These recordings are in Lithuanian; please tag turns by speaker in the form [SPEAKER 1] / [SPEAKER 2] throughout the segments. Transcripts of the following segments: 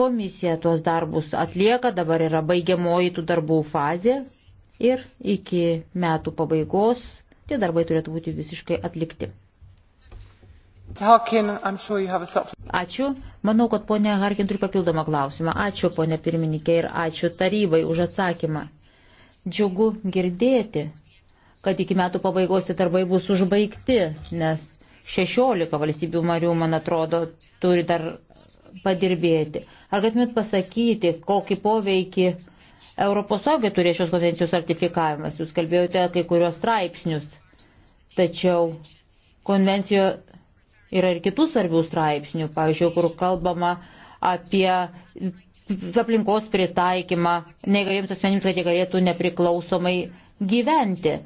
[SPEAKER 1] Komisija tuos darbus atlieka, dabar yra baigiamoji tų darbų fazė ir iki metų pabaigos tie darbai turėtų būti visiškai atlikti. Ačiū. Manau, kad ponė Harkin turi papildomą klausimą. Ačiū, ponė pirmininkė, ir ačiū tarybai už atsakymą. Džiugu girdėti, kad iki metų pabaigos tie darbai bus užbaigti, nes 16 valstybių marių, man atrodo, turi dar padirbėti. Ar galėtumėt pasakyti, kokį poveikį Europos saugiai turės šios konvencijos ratifikavimas? Jūs kalbėjote kai kurios straipsnius, tačiau konvencijoje yra ir kitų svarbių straipsnių, pavyzdžiui, kur kalbama apie aplinkos pritaikymą negalėjams asmenims, kad jie galėtų nepriklausomai gyventi.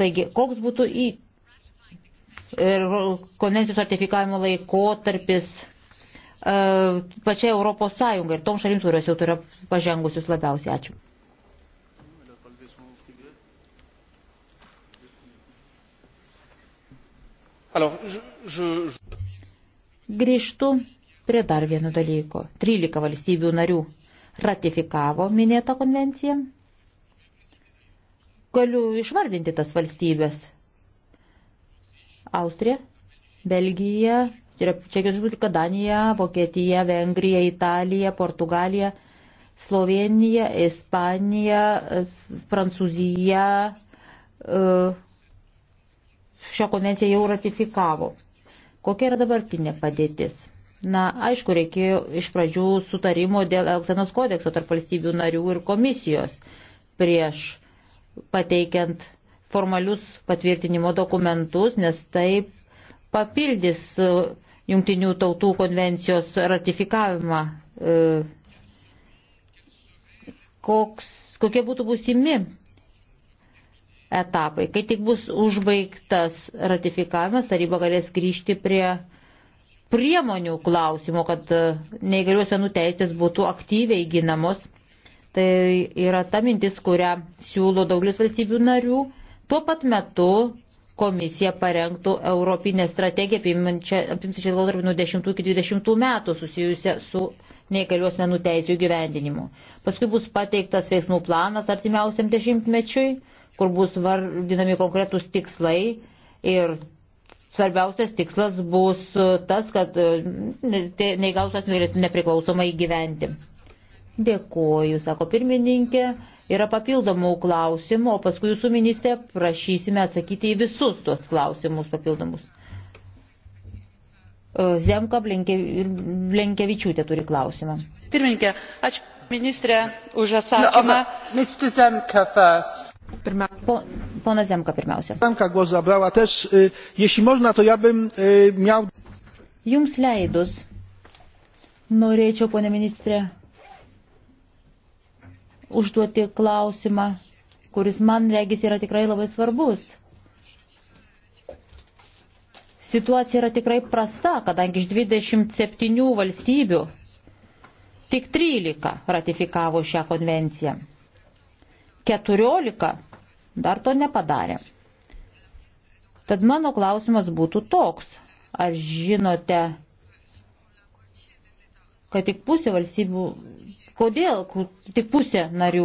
[SPEAKER 1] Taigi, koks būtų į ir konvencijos ratifikavimo laikotarpis E, pačiai Europos Sąjungai ir tom šalims, kurios jau turi pažengusius labiausiai. Ačiū. Grįžtu prie dar vieno dalyko. 13 valstybių narių ratifikavo minėtą konvenciją. Galiu išvardinti tas valstybės. Austrija, Belgija, tai yra Čekijos Respublika, Danija, Vokietija, Vengrija, Italija, Portugalija, Slovenija, Ispanija, Prancūzija e, šią konvenciją jau ratifikavo. Kokia yra dabartinė padėtis? Na, aišku, reikėjo iš pradžių sutarimo dėl Elksenos kodekso tarp valstybių narių ir komisijos prieš pateikiant formalius patvirtinimo dokumentus, nes taip papildys jungtinių tautų konvencijos ratifikavimą, e, koks, kokie būtų būsimi etapai. Kai tik bus užbaigtas ratifikavimas, taryba galės grįžti prie priemonių klausimo, kad e, neįgalių senų teisės būtų aktyviai ginamos. Tai yra ta mintis, kurią siūlo daugelis valstybių narių. Tuo pat metu komisija parengtų Europinę strategiją apimsičią laikotarpį nuo 10 iki 20 metų susijusią su neįgalios menų teisų įgyvendinimu. Paskui bus pateiktas veiksmų planas artimiausiam dešimtmečiui, kur bus vardinami konkretūs tikslai ir svarbiausias tikslas bus tas, kad e, neįgausios galėtų nepriklausomai gyventi. Dėkuoju, sako pirmininkė. Yra papildomų klausimų, o paskui jūsų ministrė prašysime atsakyti į visus tuos klausimus papildomus. E, Zemka Blenkevičiūtė turi klausimą.
[SPEAKER 2] Pirmininkė, ačiū ministrė už atsakymą. No,
[SPEAKER 1] Pirmiausia. Po, Pana Zemka pirmiausia. Zemka głos zabrała też. Jeśli
[SPEAKER 2] można, to ja bym miał.
[SPEAKER 1] Jums leidus. Norėčiau, ponė ministrė, užduoti klausimą, kuris man regis yra tikrai labai svarbus. Situacija yra tikrai prasta, kadangi iš 27 valstybių tik 13 ratifikavo šią konvenciją. 14 dar to nepadarė. Tad mano klausimas būtų toks. Ar žinote, kad tik pusė valstybių Kodėl tik pusė narių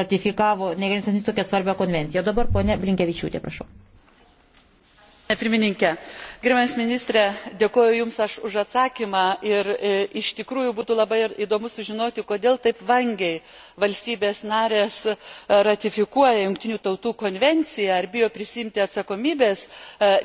[SPEAKER 1] ratifikavo, negalėsant tokią svarbią konvenciją? Dabar ponė Blinkevičiūtė, prašau
[SPEAKER 2] gerbiamas ministre dėkoju jums už atsakymą ir e, iš tikrųjų būtų labai įdomu sužinoti kodėl taip vangiai valstybės narės e, ratifikuoja jungtinių tautų konvenciją ar bijo prisiimti atsakomybės e,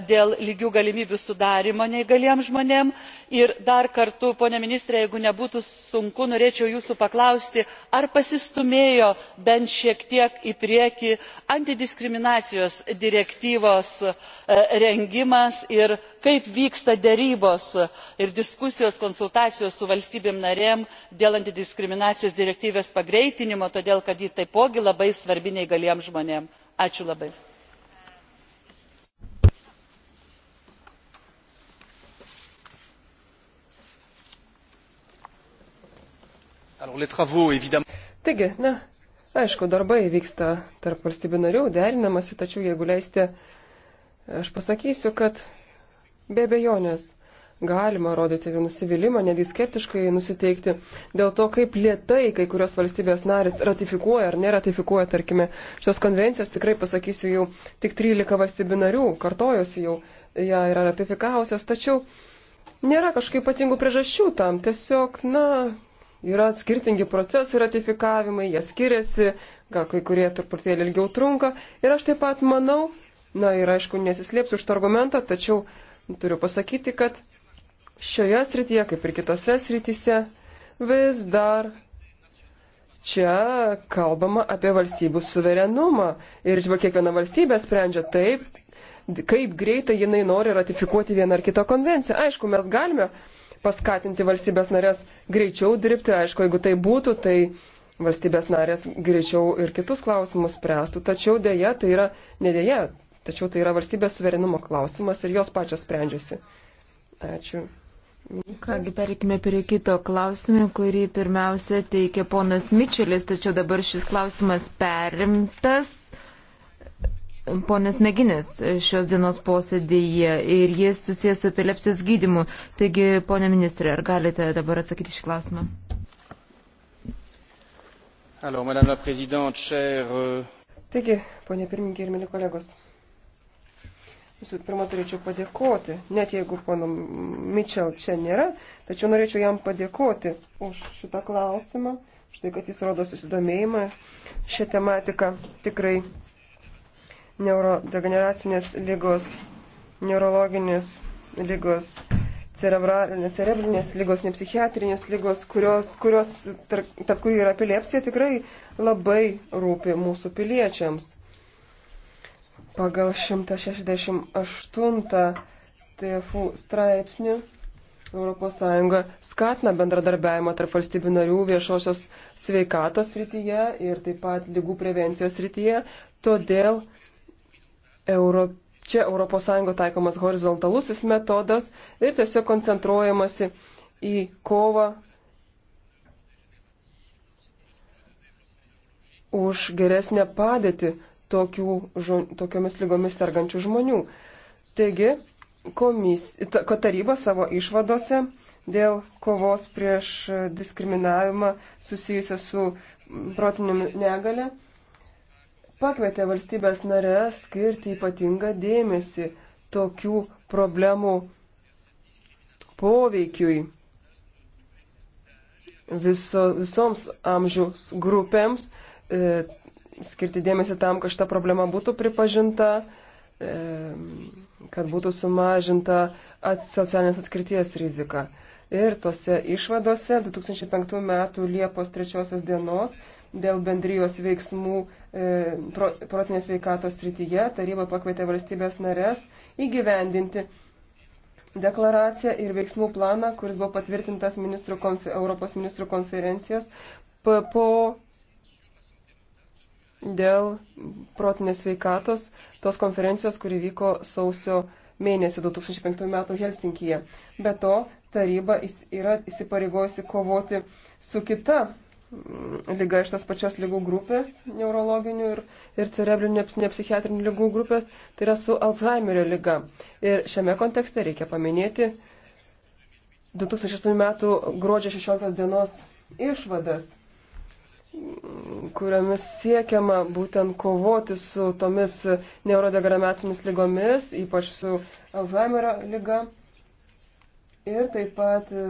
[SPEAKER 2] dėl lygių galimybių sudarymo neįgaliems žmonėms ir dar kartu pone ministre jeigu nebūtų sunku norėčiau jūsų paklausti ar pasistūmėjo bent šiek tiek į priekį antidiskriminacijos direktyvos rengimas rengimas ir kaip vyksta dėrybos ir diskusijos konsultacijos su valstybėmis narėmis dėl antidiskriminacijos direktyvos pagreitinimo todėl kad ji taipogi labai svarbi neįgaliems žmonėms.
[SPEAKER 3] Taigi, na, aišku, darbai vyksta tarp valstybių narių, derinamasi, tačiau jeigu leisite, Aš pasakysiu, kad be bejonės galima rodyti nusivylimą, netgi skeptiškai nusiteikti dėl to, kaip lietai kai kurios valstybės narės ratifikuoja ar neratifikuoja, tarkime, šios konvencijos, tikrai pasakysiu jau tik 13 valstybių narių, kartojosi jau, ją yra ratifikavusios, tačiau nėra kažkaip ypatingų priežasčių tam, tiesiog, na, yra skirtingi procesai ratifikavimai, jie skiriasi, gal kai kurie truputėlį ilgiau trunka ir aš taip pat manau, Na ir aišku, nesislėpsiu už tą argumentą, tačiau turiu pasakyti, kad šioje srityje, kaip ir kitose srityse, vis dar čia kalbama apie valstybių suverenumą. Ir kiekviena valstybė sprendžia taip, kaip greitai jinai nori ratifikuoti vieną ar kitą konvenciją. Aišku, mes galime paskatinti valstybės narės greičiau dirbti, aišku, jeigu tai būtų, tai valstybės narės greičiau ir kitus klausimus spręstų. Tačiau dėja, tai yra, nedėja, Tačiau tai yra valstybės suverenumo klausimas ir jos pačios sprendžiasi. Ačiū.
[SPEAKER 4] Kągi, perikime prie kito klausimo, kurį pirmiausia teikė ponas Mičelis, tačiau dabar šis klausimas perimtas. Ponas Meginis šios dienos posėdėje ir jis susijęs su epilepsijos gydimu. Taigi, ponė ministrė, ar galite dabar atsakyti šį klausimą?
[SPEAKER 2] Alors, euh,
[SPEAKER 3] Taigi, ponė pirmininkė ir mėly kolegos. Visų pirma, turėčiau padėkoti, net jeigu pono Mitchell čia nėra, tačiau norėčiau jam padėkoti už šitą klausimą, štai kad jis rodo susidomėjimą šią tematiką. Tikrai neurodegeneracinės lygos, neurologinės lygos, cerebrinės lygos, nepsichiatrinės lygos, kurios, kurios tarp, tarp kurių yra epilepsija, tikrai labai rūpi mūsų piliečiams pagal 168 TFU straipsnį ES skatina bendradarbiavimą tarp valstybių narių viešosios sveikatos rytyje ir taip pat lygų prevencijos rytyje. Todėl Euro, čia ES taikomas horizontalusis metodas ir tiesiog koncentruojamasi į kovą už geresnę padėtį tokių, tokiomis lygomis sergančių žmonių. Taigi, komis, ta, taryba savo išvadose dėl kovos prieš diskriminavimą susijusią su protiniu negale pakvietė valstybės narės skirti ypatingą dėmesį tokių problemų poveikiui viso, visoms amžiaus grupėms, e, skirti dėmesį tam, kad šita problema būtų pripažinta, e, kad būtų sumažinta socialinės atskirties rizika. Ir tose išvadose 2005 m. Liepos 3 dienos dėl bendrijos veiksmų e, protinės veikatos srityje taryba pakvietė valstybės narės įgyvendinti deklaraciją ir veiksmų planą, kuris buvo patvirtintas ministrų konfer Europos ministrų konferencijos po dėl protinės veikatos tos konferencijos, kuri vyko sausio mėnesį 2005 metų Helsinkyje. Be to, taryba yra įsipareigojusi kovoti su kita mm, lyga iš tos pačios lygų grupės, neurologinių ir, ir cerebrinių nepsichiatrinių lygų grupės, tai yra su Alzheimerio lyga. Ir šiame kontekste reikia paminėti 2008 metų gruodžio 16 dienos išvadas kuriomis siekiama būtent kovoti su tomis neurodegramacinėmis lygomis, ypač su Alzheimerio lyga. Ir taip pat e,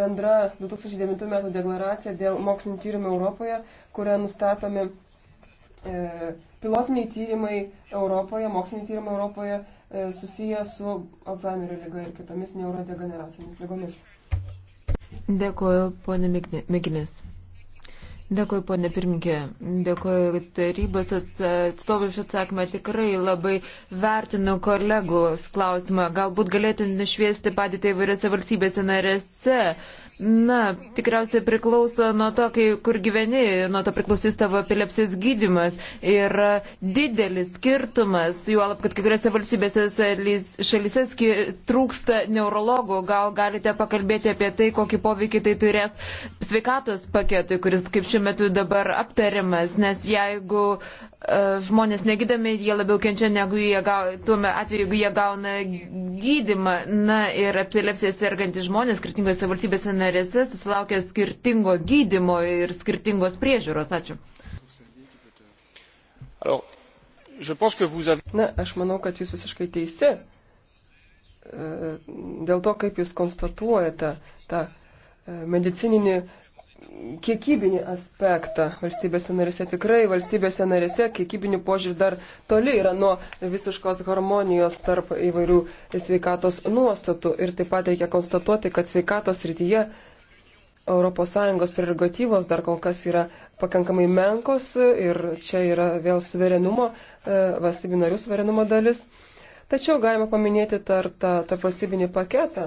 [SPEAKER 3] bendra 2009 metų deklaracija dėl mokslinio tyrimų Europoje, kuria nustatomi e, pilotiniai tyrimai Europoje, moksliniai tyrimai Europoje e, susiję su Alzheimerio lyga ir kitomis neurodegeneracinėmis lygomis.
[SPEAKER 4] Dėkuoju, ponė Miginis. Dėkuoju, ponė pirmininkė. Dėkuoju tarybos atstovai iš atsakymą. Tikrai labai vertinu kolegos klausimą. Galbūt galėtų nušviesti padėtį įvairiose valstybėse narėse. Na, tikriausiai priklauso nuo to, kai, kur gyveni, nuo to priklausys tavo epilepsijos gydimas. Ir didelis skirtumas, juolab, kad kai kuriuose valstybėse šalyse skir, trūksta neurologų, gal galite pakalbėti apie tai, kokį poveikį tai turės sveikatos paketui, kuris kaip šiuo metu dabar aptariamas, nes jeigu uh, žmonės negydami, jie labiau kenčia negu jie gauna, tuo atveju, jeigu jie gauna gydimą. Na ir epilepsija sergantys žmonės skirtingose valstybėse narėse susilaukia skirtingo gydimo ir skirtingos priežiūros. Ačiū.
[SPEAKER 3] Na, aš manau, kad jūs visiškai teisi. E, dėl to, kaip jūs konstatuojate tą e, medicininį kiekybinį aspektą valstybėse narise. Tikrai valstybėse narise kiekybinių požiūrį dar toli yra nuo visiškos harmonijos tarp įvairių sveikatos nuostatų. Ir taip pat reikia konstatuoti, kad sveikatos rytyje ES prerogatyvos dar kol kas yra pakankamai menkos ir čia yra vėl suverenumo, e, valstybių narių suverenumo dalis. Tačiau galima paminėti tarp valstybinį paketą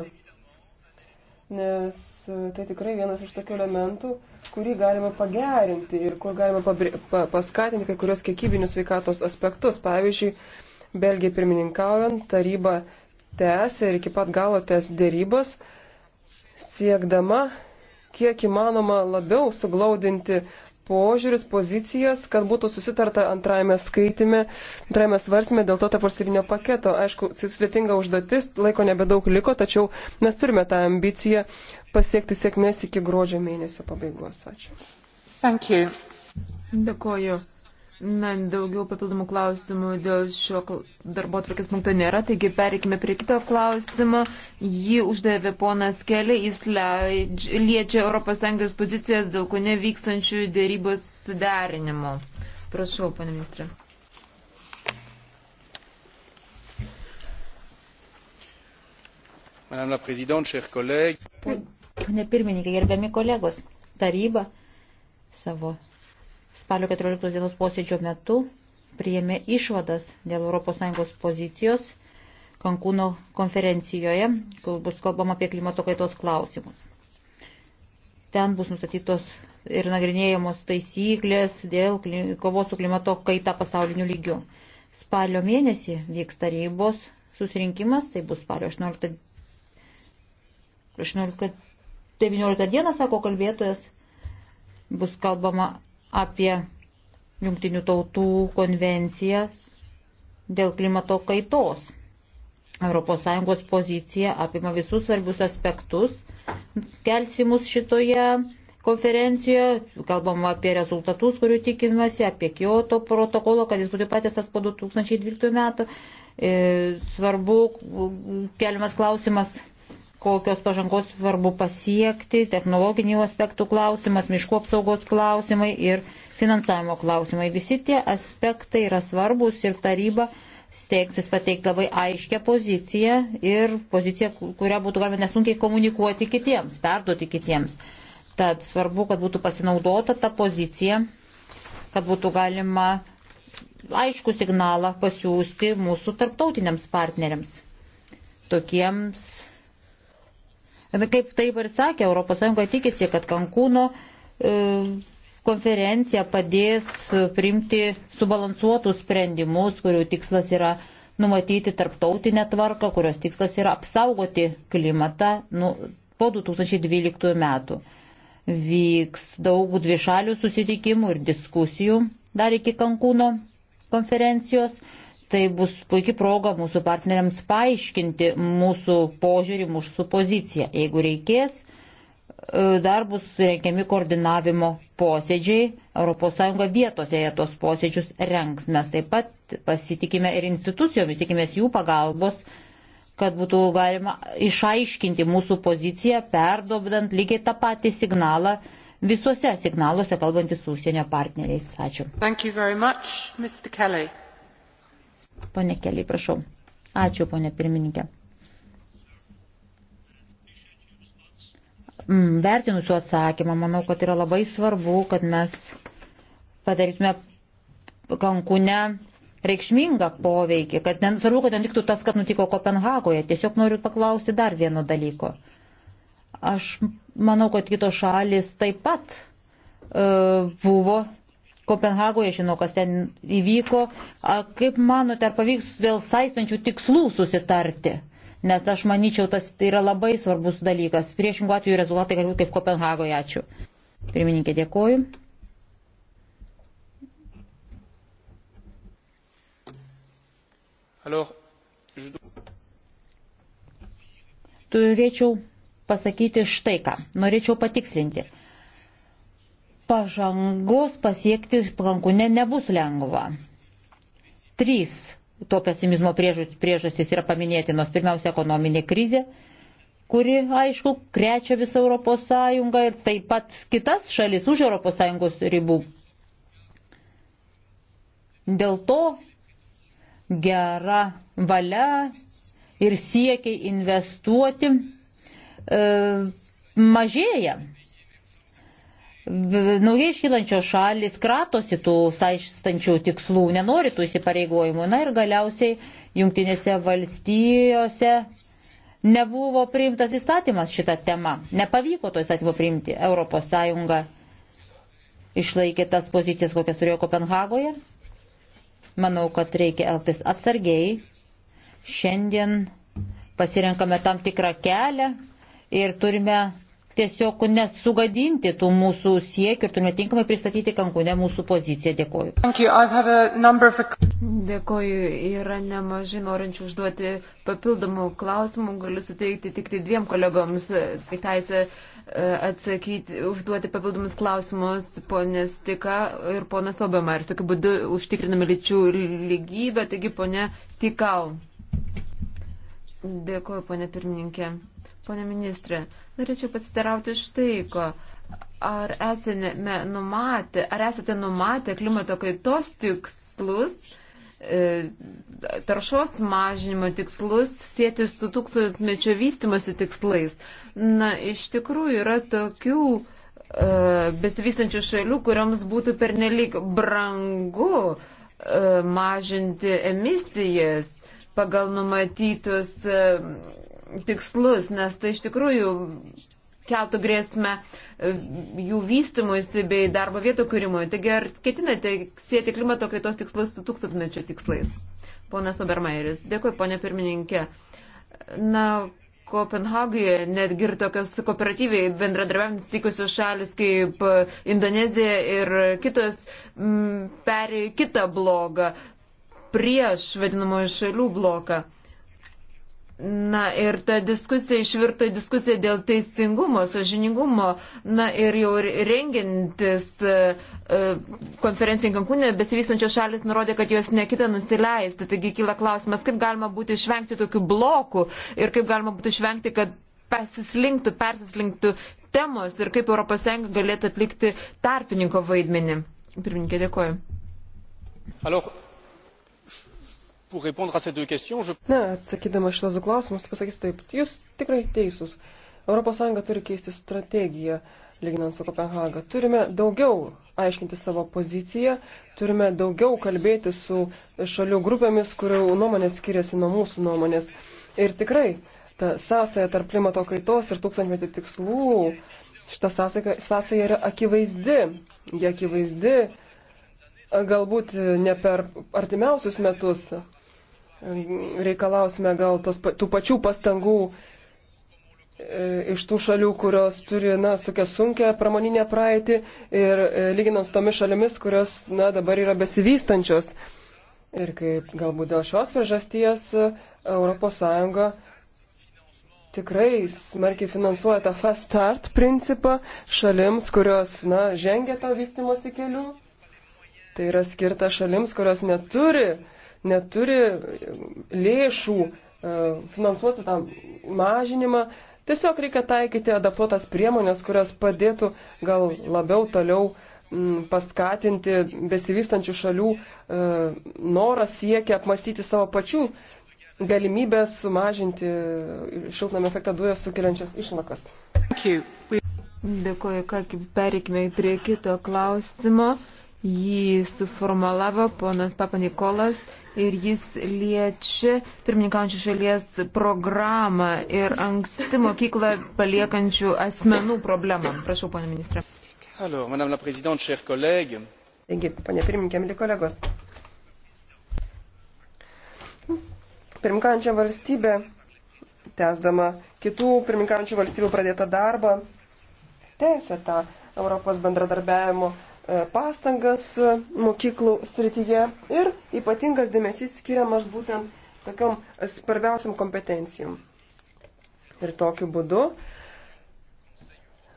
[SPEAKER 3] nes e, tai tikrai vienas iš tokių elementų, kurį galima pagerinti ir kur galima pabri, pa, paskatinti kai kurios kiekybinius sveikatos aspektus. Pavyzdžiui, Belgijai pirmininkaujant taryba tęsė ir iki pat galo tęs dėrybas, siekdama kiek įmanoma labiau suglaudinti požiūris, pozicijas, kad būtų susitarta antrajame skaitime, antrajame svarsime dėl to tarpvalstybinio paketo. Aišku, tai sudėtinga užduotis, laiko nebedaug liko, tačiau mes turime tą ambiciją pasiekti sėkmės iki gruodžio mėnesio pabaigos.
[SPEAKER 4] Ačiū. Dėkuoju. Na, daugiau papildomų klausimų dėl šio darbo atvarkės punkto nėra, taigi pereikime prie kito klausimo. Jį uždavė ponas Kelė, jis liečia ES pozicijas dėl ko nevykstančių dėrybos suderinimo. Prašau, pane ministrė.
[SPEAKER 2] Madame la Présidente, chers collègues.
[SPEAKER 1] Pane pirmininkai, gerbiami kolegos, taryba savo spalio 14 dienos posėdžio metu priėmė išvadas dėl ES pozicijos Kankūno konferencijoje, kur bus kalbama apie klimato kaitos klausimus. Ten bus nustatytos ir nagrinėjamos taisyklės dėl kovos su klimato kaita pasauliniu lygiu. Spalio mėnesį vyks tarybos susirinkimas, tai bus spalio 18, 18 19 dieną, sako kalbėtojas, bus kalbama apie Junktinių tautų konvenciją dėl klimato kaitos. ES pozicija apima visus svarbius aspektus kelsimus šitoje konferencijoje, kalbam apie rezultatus, kurių tikimasi, apie Kyoto protokolą, kad jis būtų patęstas po 2012 metų. E, svarbu keliamas klausimas kokios pažangos svarbu pasiekti, technologinių aspektų klausimas, miškų apsaugos klausimai ir finansavimo klausimai. Visi tie aspektai yra svarbus ir taryba steigsis pateikti labai aiškę poziciją ir poziciją, kurią būtų galima nesunkiai komunikuoti kitiems, perduoti kitiems. Tad svarbu, kad būtų pasinaudota ta pozicija, kad būtų galima aišku signalą pasiūsti mūsų tarptautiniams partneriams, tokiems Kaip taip ir sakė, ES tikisi, kad Kankūno e, konferencija padės priimti subalansuotus sprendimus, kurių tikslas yra numatyti tarptautinę tvarką, kurios tikslas yra apsaugoti klimatą nu, po 2012 metų. Vyks daug dvišalių susitikimų ir diskusijų dar iki Kankūno konferencijos tai bus puikia proga mūsų partneriams paaiškinti mūsų požiūrį, mūsų poziciją. Jeigu reikės, e, dar bus renkiami koordinavimo posėdžiai. ES vietose jie tos posėdžius renks. Mes taip pat pasitikime ir institucijomis, tikimės jų pagalbos, kad būtų galima išaiškinti mūsų poziciją, perdobdant lygiai tą patį signalą visuose signaluose kalbantis su užsienio partneriais. Ačiū.
[SPEAKER 2] Much,
[SPEAKER 1] Pone Keliai, prašau. Ačiū, ponė pirmininkė. Mm, Vertinusiu atsakymą, manau, kad yra labai svarbu, kad mes padarytume kankūne reikšmingą poveikį, kad nesvarbu, kad netiktų tas, kad nutiko Kopenhagoje. Tiesiog noriu paklausti dar vieno dalyko. Aš manau, kad kitos šalis taip pat e, buvo Kopenhagoje žino, kas ten įvyko. A, kaip manote, ar pavyks dėl saistančių tikslų susitarti? Nes aš manyčiau, tas tai yra labai svarbus dalykas. Priešingų atveju rezultatai gali būti kaip Kopenhagoje. Ačiū. Pirmininkė, dėkoju.
[SPEAKER 2] Alors, je...
[SPEAKER 1] Turėčiau pasakyti štai ką. Norėčiau patikslinti pažangos pasiekti Plankūne nebus lengva. Trys to pesimizmo priežastys yra paminėtinos. Pirmiausia, ekonominė krizė, kuri, aišku, krečia visą Europos Sąjungą ir taip pat kitas šalis už Europos Sąjungos ribų. Dėl to gera valia ir siekiai investuoti e, mažėja. Naujai iškylančios šalis kratosi tų saistančių tikslų, nenori tų įsipareigojimų. Na ir galiausiai jungtinėse valstijose nebuvo priimtas įstatymas šitą temą. Nepavyko to įstatymo priimti. Europos Sąjunga išlaikė tas pozicijas, kokias turėjo Kopenhagoje. Manau, kad reikia elgtis atsargiai. Šiandien pasirenkame tam tikrą kelią ir turime tiesiog nesugadinti tų mūsų siekių ir turime tinkamai pristatyti Kankūne mūsų poziciją. Dėkoju.
[SPEAKER 4] For... Dėkoju. Yra nemažai norinčių užduoti papildomų klausimų. Galiu suteikti tik tai dviem kolegoms teisę e, atsakyti, užduoti papildomus klausimus ponės Tika ir ponas Obama. Ir tokiu būdu užtikriname lyčių lygybę. Taigi, ponė Tikau. Dėkuoju, ponė pirmininkė. Pone ministrė, norėčiau pasitarauti štai ko. Ar esate numatę, ar esate numatę klimato kaitos tikslus, e, taršos mažinimo tikslus sėti su tūkstantmečio vystimosi tikslais? Na, iš tikrųjų yra tokių uh, besivystančių šalių, kuriams būtų pernelyg brangu uh, mažinti emisijas pagal numatytus e, tikslus, nes tai iš tikrųjų keltų grėsmę e, jų vystimuisi bei darbo vietų kūrimui. Taigi ar ketinate sėti klimato kaitos tikslus su tūkstantmečio tikslais? Ponas Obermairis, dėkui, ponė pirmininkė. Na, Kopenhagoje netgi ir tokios kooperatyviai bendradarbiavimus tikusios šalis kaip Indonezija ir kitos m, perėjo kitą blogą prieš vadinamojo šalių bloką. Na ir ta diskusija išvirto į diskusiją dėl teisingumo, sažiningumo. Na ir jau rengintis e, e, konferencijai Kankūnė besivystančios šalis nurodė, kad jos nekita nusileisti. Taigi kyla klausimas, kaip galima būtų išvengti tokių blokų ir kaip galima būtų išvengti, kad pasislinktų, persislinktų temos ir kaip ES galėtų atlikti tarpininko vaidmenį. Pirmininkė, dėkoju.
[SPEAKER 2] Alors,
[SPEAKER 3] Ne, atsakydama šitos klausimus, tai pasakysiu taip, jūs tikrai teisūs. ES turi keisti strategiją, lyginant su Kopenhaga. Turime daugiau aiškinti savo poziciją, turime daugiau kalbėti su šalių grupėmis, kurių nuomonės skiriasi nuo mūsų nuomonės. Ir tikrai, ta sąsaja tarp klimato kaitos ir tūkstantmetį tikslų, šita sąsaja, sąsaja yra akivaizdi. Jie akivaizdi galbūt ne per artimiausius metus, reikalausime gal tos, tų pačių pastangų e, iš tų šalių, kurios turi, na, tokią sunkę pramoninę praeitį ir e, lyginant su tomis šalimis, kurios, na, dabar yra besivystančios. Ir kaip galbūt dėl šios priežasties ES tikrai smarkiai finansuoja tą fast start principą šalims, kurios, na, žengia tą vystimosi keliu. Tai yra skirta šalims, kurios neturi uh, neturi lėšų e, finansuoti tą mažinimą. Tiesiog reikia taikyti adaptuotas priemonės, kurios padėtų gal labiau toliau paskatinti besivystančių šalių e, norą siekia apmastyti savo pačių galimybės sumažinti šiltnamio efektą dujas sukeliančias išlakas. Dėkuoju,
[SPEAKER 4] ką pereikime prie kito klausimo. Jį suformalavo ponas Papanikolas ir jis liečia pirmininkaujančių šalies programą ir anksti mokyklą paliekančių asmenų problemą. Prašau, ponė
[SPEAKER 3] ministrė.
[SPEAKER 2] Alors, Madame la Présidente, chers collègues.
[SPEAKER 3] Taigi, ponė pirmininkė, mėly kolegos. Pirmininkaujančia valstybė, tęsdama kitų pirmininkaujančių valstybių pradėtą darbą, tęsė tą Europos bendradarbiavimo E, pastangas e, mokyklų srityje ir ypatingas dėmesys skiriamas būtent tokiam svarbiausiam kompetencijom. Ir tokiu būdu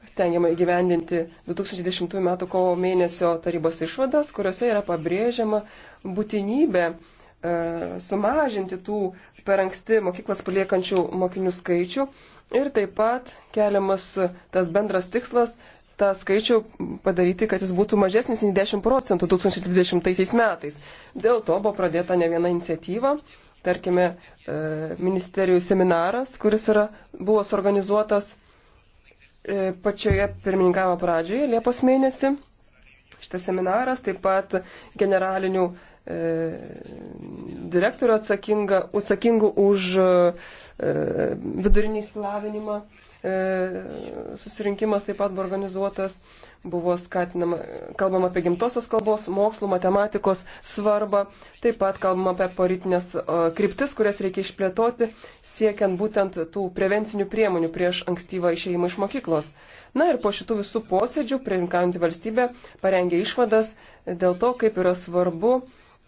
[SPEAKER 3] stengiama įgyvendinti 2010 m. kovo mėnesio tarybos išvadas, kuriuose yra pabrėžiama būtinybė e, sumažinti tų per anksti mokyklas paliekančių mokinių skaičių ir taip pat keliamas tas bendras tikslas tą skaičių padaryti, kad jis būtų mažesnis nei 10 procentų 2020 metais. Dėl to buvo pradėta ne viena iniciatyva, tarkime, e, ministerijų seminaras, kuris yra, buvo suorganizuotas e, pačioje pirmininkavimo pradžioje, Liepos mėnesį. Šitas seminaras taip pat generalinių e, direktorių atsakingų už vidurinį išsilavinimą E, susirinkimas taip pat buvo organizuotas, buvo skatinama, kalbama apie gimtosios kalbos, mokslų, matematikos svarbą, taip pat kalbama apie politinės e, kryptis, kurias reikia išplėtoti, siekiant būtent tų prevencinių priemonių prieš ankstyvą išėjimą iš mokyklos. Na ir po šitų visų posėdžių, prieinkaujantį valstybę, parengė išvadas dėl to, kaip yra svarbu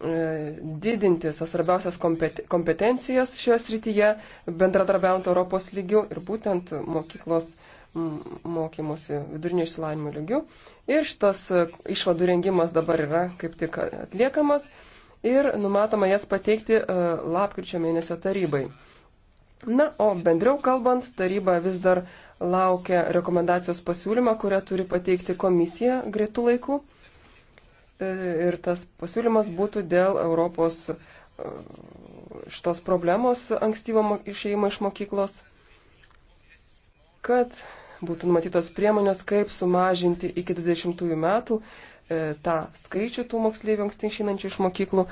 [SPEAKER 3] E, didinti tas svarbiausias kompetencijas šioje srityje, bendradarbiaujant Europos lygių ir būtent mokyklos mokymosi vidurinio išsilavinimo lygių. Ir šitas e, išvadų rengimas dabar yra kaip tik atliekamas ir numatoma jas pateikti e, lapkričio mėnesio tarybai. Na, o bendriau kalbant, taryba vis dar laukia rekomendacijos pasiūlymą, kurią turi pateikti komisija greitų laikų ir tas pasiūlymas būtų dėl Europos e, šitos problemos ankstyvo išėjimo iš mokyklos, kad būtų numatytos priemonės, kaip sumažinti iki 20 metų e, tą skaičių tų moksleivių anksti išeinančių iš mokyklų,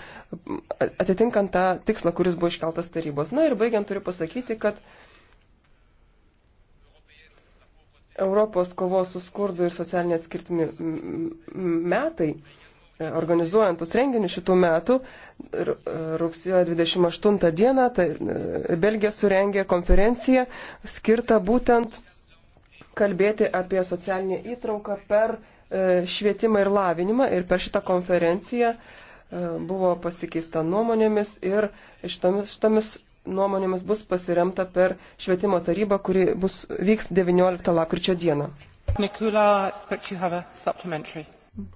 [SPEAKER 3] atitinkant tą tikslą, kuris buvo iškeltas tarybos. Na ir baigiant turiu pasakyti, kad Europos kovos su skurdu ir socialinė atskirtimi metai E, organizuojant tos renginius šitų metų, e, rugsėjo 28 dieną, tai e, Belgija surengė konferenciją skirtą būtent kalbėti apie socialinę įtrauką per švietimą ir lavinimą. Ir per šitą konferenciją buvo pasikeista nuomonėmis ir šitomis, šitomis nuomonėmis bus pasiremta per švietimo tarybą, kuri bus, vyks 19 lakryčio dieną. Nikula,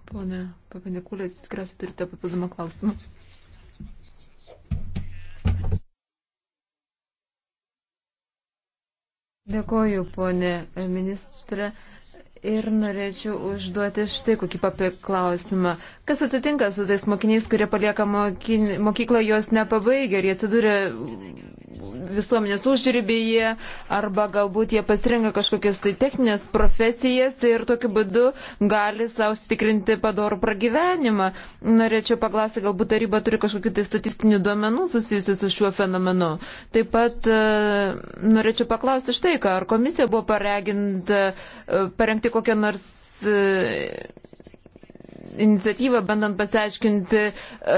[SPEAKER 4] Pone Papanikulė, tikriausiai turite papildomą klausimą. Dėkoju, ponė ministrė. Ir norėčiau užduoti štai kokį papiklausimą. Kas atsitinka su tais mokiniais, kurie palieka mokyklą, jos nepabaigia ir jie atsidūrė visuomenės užribėje arba galbūt jie pasirenka kažkokias tai techninės profesijas ir tokiu būdu gali savo stikrinti padorų pragyvenimą. Norėčiau paklausti, galbūt taryba turi kažkokiu tai statistiniu duomenų susijusiu su šiuo fenomenu. Taip pat e, norėčiau paklausti štai ką, ar komisija buvo pareginta e, parengti kokią nors e, iniciatyvą, bandant pasiaiškinti, e,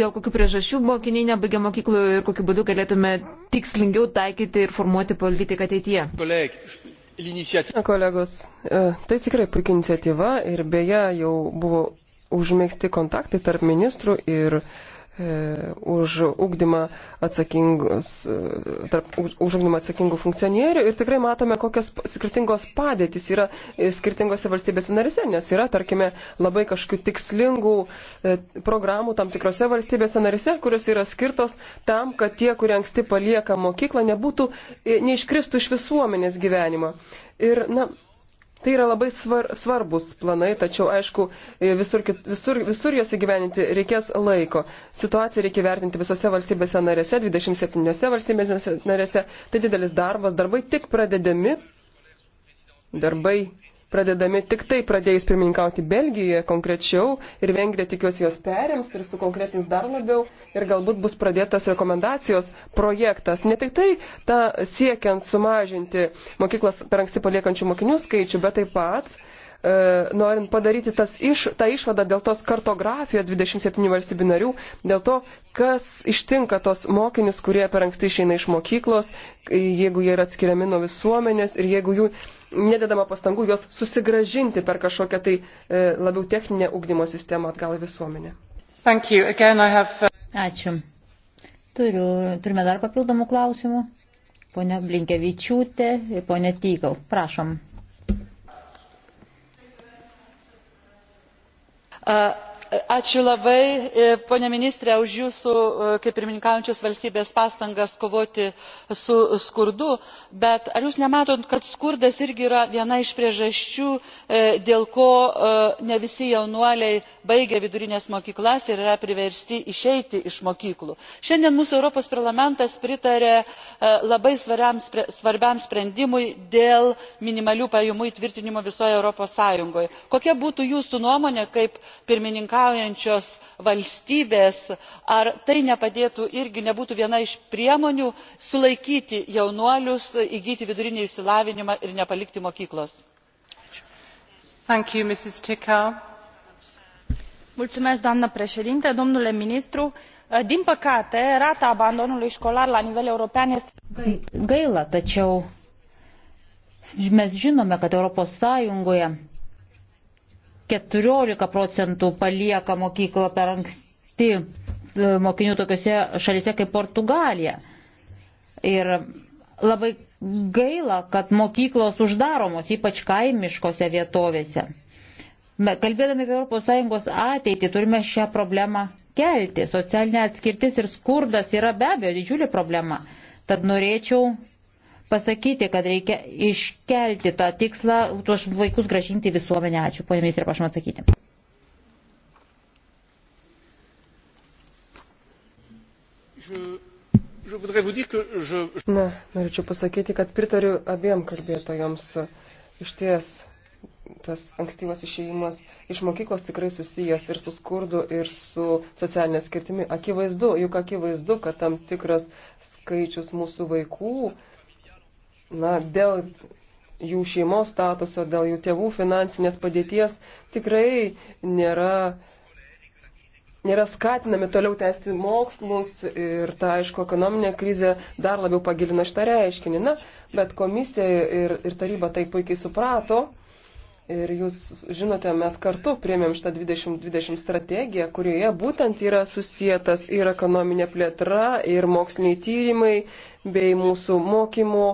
[SPEAKER 4] dėl kokių priežasčių mokiniai nebaigia mokyklų ir kokiu būdu galėtume tikslingiau taikyti ir formuoti politiką ateityje.
[SPEAKER 3] Kolegos, e, tai tikrai puikia iniciatyva ir beje jau buvo užmėgsti kontaktai tarp ministrų ir uh, E, už ugdymą, e, tarp, už ugdymą atsakingų funkcionierių ir tikrai matome, kokios skirtingos padėtis yra e, skirtingose valstybėse narise, nes yra, tarkime, labai kažkokių tikslingų programų tam tikrose valstybėse narise, kurios yra skirtos tam, kad tie, kurie anksti palieka mokyklą, nebūtų, neiškristų iš visuomenės gyvenimo. Ir, na, Tai yra labai svar, svarbus planai, tačiau, aišku, visur, visur, visur juos įgyveninti reikės laiko. Situaciją reikia vertinti visose valstybėse narėse, 27 valstybėse narėse. Tai didelis darbas, darbai tik pradedami, darbai pradedami tik tai pradėjus pirmininkauti Belgijoje konkrečiau ir Vengrija tikiuosi jos perims ir sukonkretins dar labiau ir galbūt bus pradėtas rekomendacijos projektas. Ne tik tai ta siekiant sumažinti mokyklas per anksti paliekančių mokinių skaičių, bet taip pat e, norint padaryti tas iš, tą išvadą dėl tos kartografijos 27 valstybių narių, dėl to, kas ištinka tos mokinius, kurie per anksti išeina iš mokyklos, jeigu jie yra atskiriami nuo visuomenės ir jeigu jų nededama pastangų juos susigražinti per kažkokią tai e, labiau techninę ugdymo sistemą atgal į visuomenę. Have...
[SPEAKER 1] Uh, Ačiū. Turiu, turime dar papildomų klausimų. Pone Blinkevičiūtė ir pone Tygau, prašom.
[SPEAKER 2] Uh, ačiū labai e, pone ministre už jūsų e, kaip pirmininkaujančios valstybės pastangas kovoti su skurdu bet ar jūs nematote kad skurdas irgi yra viena iš priežasčių e, dėl ko ne visi jaunuoliai baigia vidurines mokyklas ir yra priversti išeiti iš mokyklų? šiandien mūsų europos parlamentas pritarė labai svarbiam sprendimui dėl minimalių pajamų įtvirtinimo visoje europos sąjungoje. kokia būtų jūsų nuomonė kaip pirmininkaujančios pirmininkaujančios valstybės ar tai nepadėtų irgi nebūtų viena iš priemonių sulaikyti jaunuolius įgyti vidurinį išsilavinimą ir nepalikti mokyklos?
[SPEAKER 1] din păcate rata abandonului școlar la nivel european este. gaila tačiau mes žinome kad europos sąjungoje 14 procentų palieka mokyklą per anksti e, mokinių tokiuose šalise kaip Portugalija. Ir labai gaila, kad mokyklos uždaromos, ypač kaimiškose vietovėse. Kalbėdami apie ES ateitį turime šią problemą kelti. Socialinė atskirtis ir skurdas yra be abejo didžiulė problema. Tad norėčiau pasakyti, kad reikia iškelti tą tikslą, tuos vaikus gražinti visuomenę. Ačiū, ponė ministrė, prašom atsakyti.
[SPEAKER 3] Na, norėčiau pasakyti, kad pritariu abiem kalbėtojams. Iš ties, tas ankstyvas išėjimas iš mokyklos tikrai susijęs ir su skurdu, ir su socialinė skirtimi. Akivaizdu, juk akivaizdu, kad tam tikras skaičius mūsų vaikų uh, na, dėl jų šeimos statuso, dėl jų tėvų finansinės padėties tikrai nėra, nėra skatinami toliau tęsti mokslus ir ta, aišku, ekonominė krizė dar labiau pagilina šitą reiškinį. Na, bet komisija ir, ir taryba tai puikiai suprato. Ir jūs žinote, mes kartu priemėm šitą 2020 strategiją, kurioje būtent yra susijęs ir ekonominė plėtra, ir moksliniai tyrimai, bei mūsų mokymo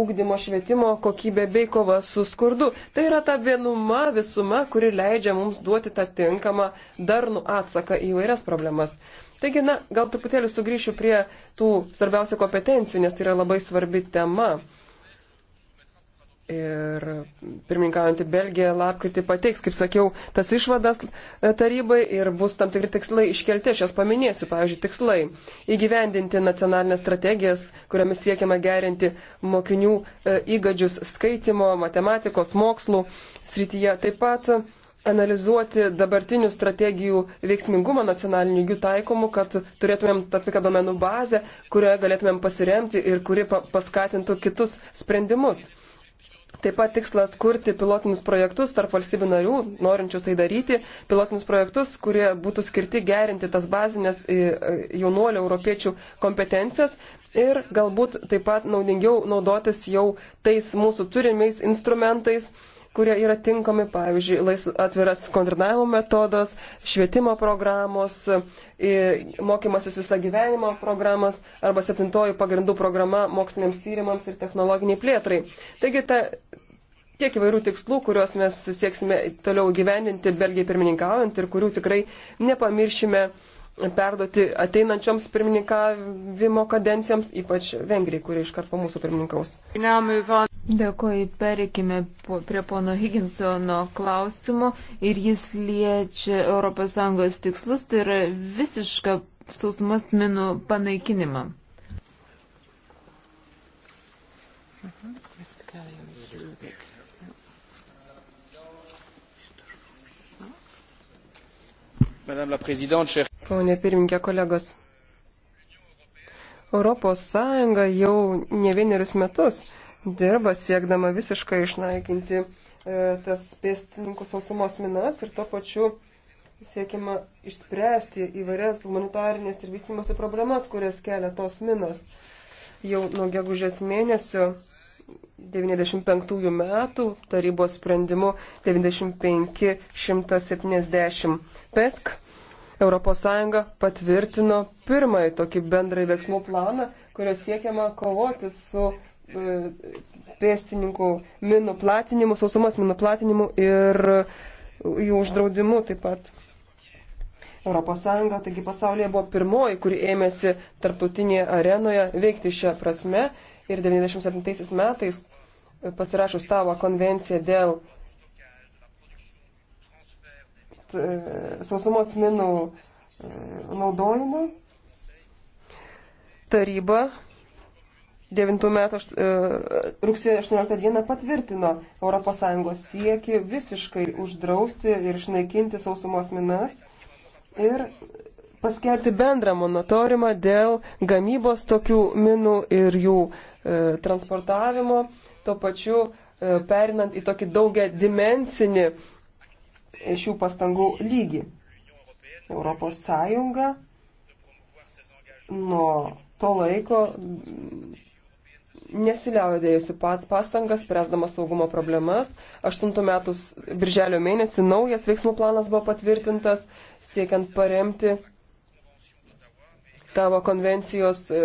[SPEAKER 3] ūkdymo e, švietimo kokybė bei kova su skurdu. Tai yra ta vienuma, visuma, kuri leidžia mums duoti tą tinkamą darnų atsaką į vairias problemas. Taigi, na, gal truputėlį sugrįšiu prie tų svarbiausių kompetencijų, nes tai yra labai svarbi tema. Ir pirmininkaujantį Belgiją lapkritį pateiks, kaip sakiau, tas išvadas tarybai ir bus tam tikri tikslai iškelti. Aš jas paminėsiu, pavyzdžiui, tikslai įgyvendinti nacionalinės strategijas, kuriamis siekiama gerinti mokinių e, įgadžius skaitimo, matematikos, mokslų srityje. Taip pat analizuoti dabartinių strategijų veiksmingumą nacionalinių jų taikomų, kad turėtumėm tam tikrą domenų bazę, kurioje galėtumėm pasiremti ir kuri paskatintų kitus sprendimus. Taip pat tikslas kurti pilotinius projektus tarp valstybių narių, norinčius tai daryti, pilotinius projektus, kurie būtų skirti gerinti tas bazinės e, e, jaunuolio europiečių kompetencijas ir galbūt taip pat naudingiau naudotis jau tais mūsų turimais instrumentais kurie yra tinkami, pavyzdžiui, lais, atviras koordinavimo metodas, švietimo programos, e, mokymasis visą gyvenimo programas arba septintoji pagrindų programa moksliniams tyrimams ir technologiniai plėtrai. Taigi ta tiek įvairių tikslų, kuriuos mes sieksime toliau gyveninti Belgijai pirmininkaujant ir kurių tikrai nepamiršime perduoti ateinančioms pirmininkavimo kadencijoms, ypač Vengrijai, kurie iškart po mūsų pirmininkaus.
[SPEAKER 4] Dėkoju, perikime prie pono Higginsono klausimo ir jis liečia ES tikslus, tai yra visiška sausumos minų panaikinimą.
[SPEAKER 2] Mhm.
[SPEAKER 3] Pone pirmininkė, kolegos. Europos Sąjunga jau ne vienerius metus dirba siekdama visiškai išnaikinti e, tas pėstininkų sausumos minas ir tuo pačiu siekiama išspręsti įvairias humanitarinės ir vystimosi problemas, kurias kelia tos minos. Jau nuo gegužės mėnesio 95 metų tarybos sprendimu 95-170 PESK ES patvirtino pirmąjį tokį bendrąjį veiksmų planą, kurio siekiama kovoti su e, pėstininkų minų platinimu, sausumos minų platinimu ir jų uždraudimu taip pat. ES, taigi pasaulyje buvo pirmoji, kuri ėmėsi tarptautinėje arenoje veikti šią prasme ir 97 metais pasirašus tavo konvenciją dėl sausumos minų e, naudojimo, taryba 9 metų e, rugsėjo 18 dieną patvirtino ES sieki visiškai uždrausti ir išnaikinti sausumos minas ir paskelbti bendrą monitorimą dėl gamybos tokių minų ir jų E, transportavimo, tuo pačiu e, perinant į tokį daugia dimensinį šių pastangų lygį. Europos Sąjunga nuo to laiko nesiliauja dėjusi pastangas, spręsdama saugumo problemas. Aštuntų metų birželio mėnesį naujas veiksmų planas buvo patvirtintas, siekiant paremti tavo konvencijos e,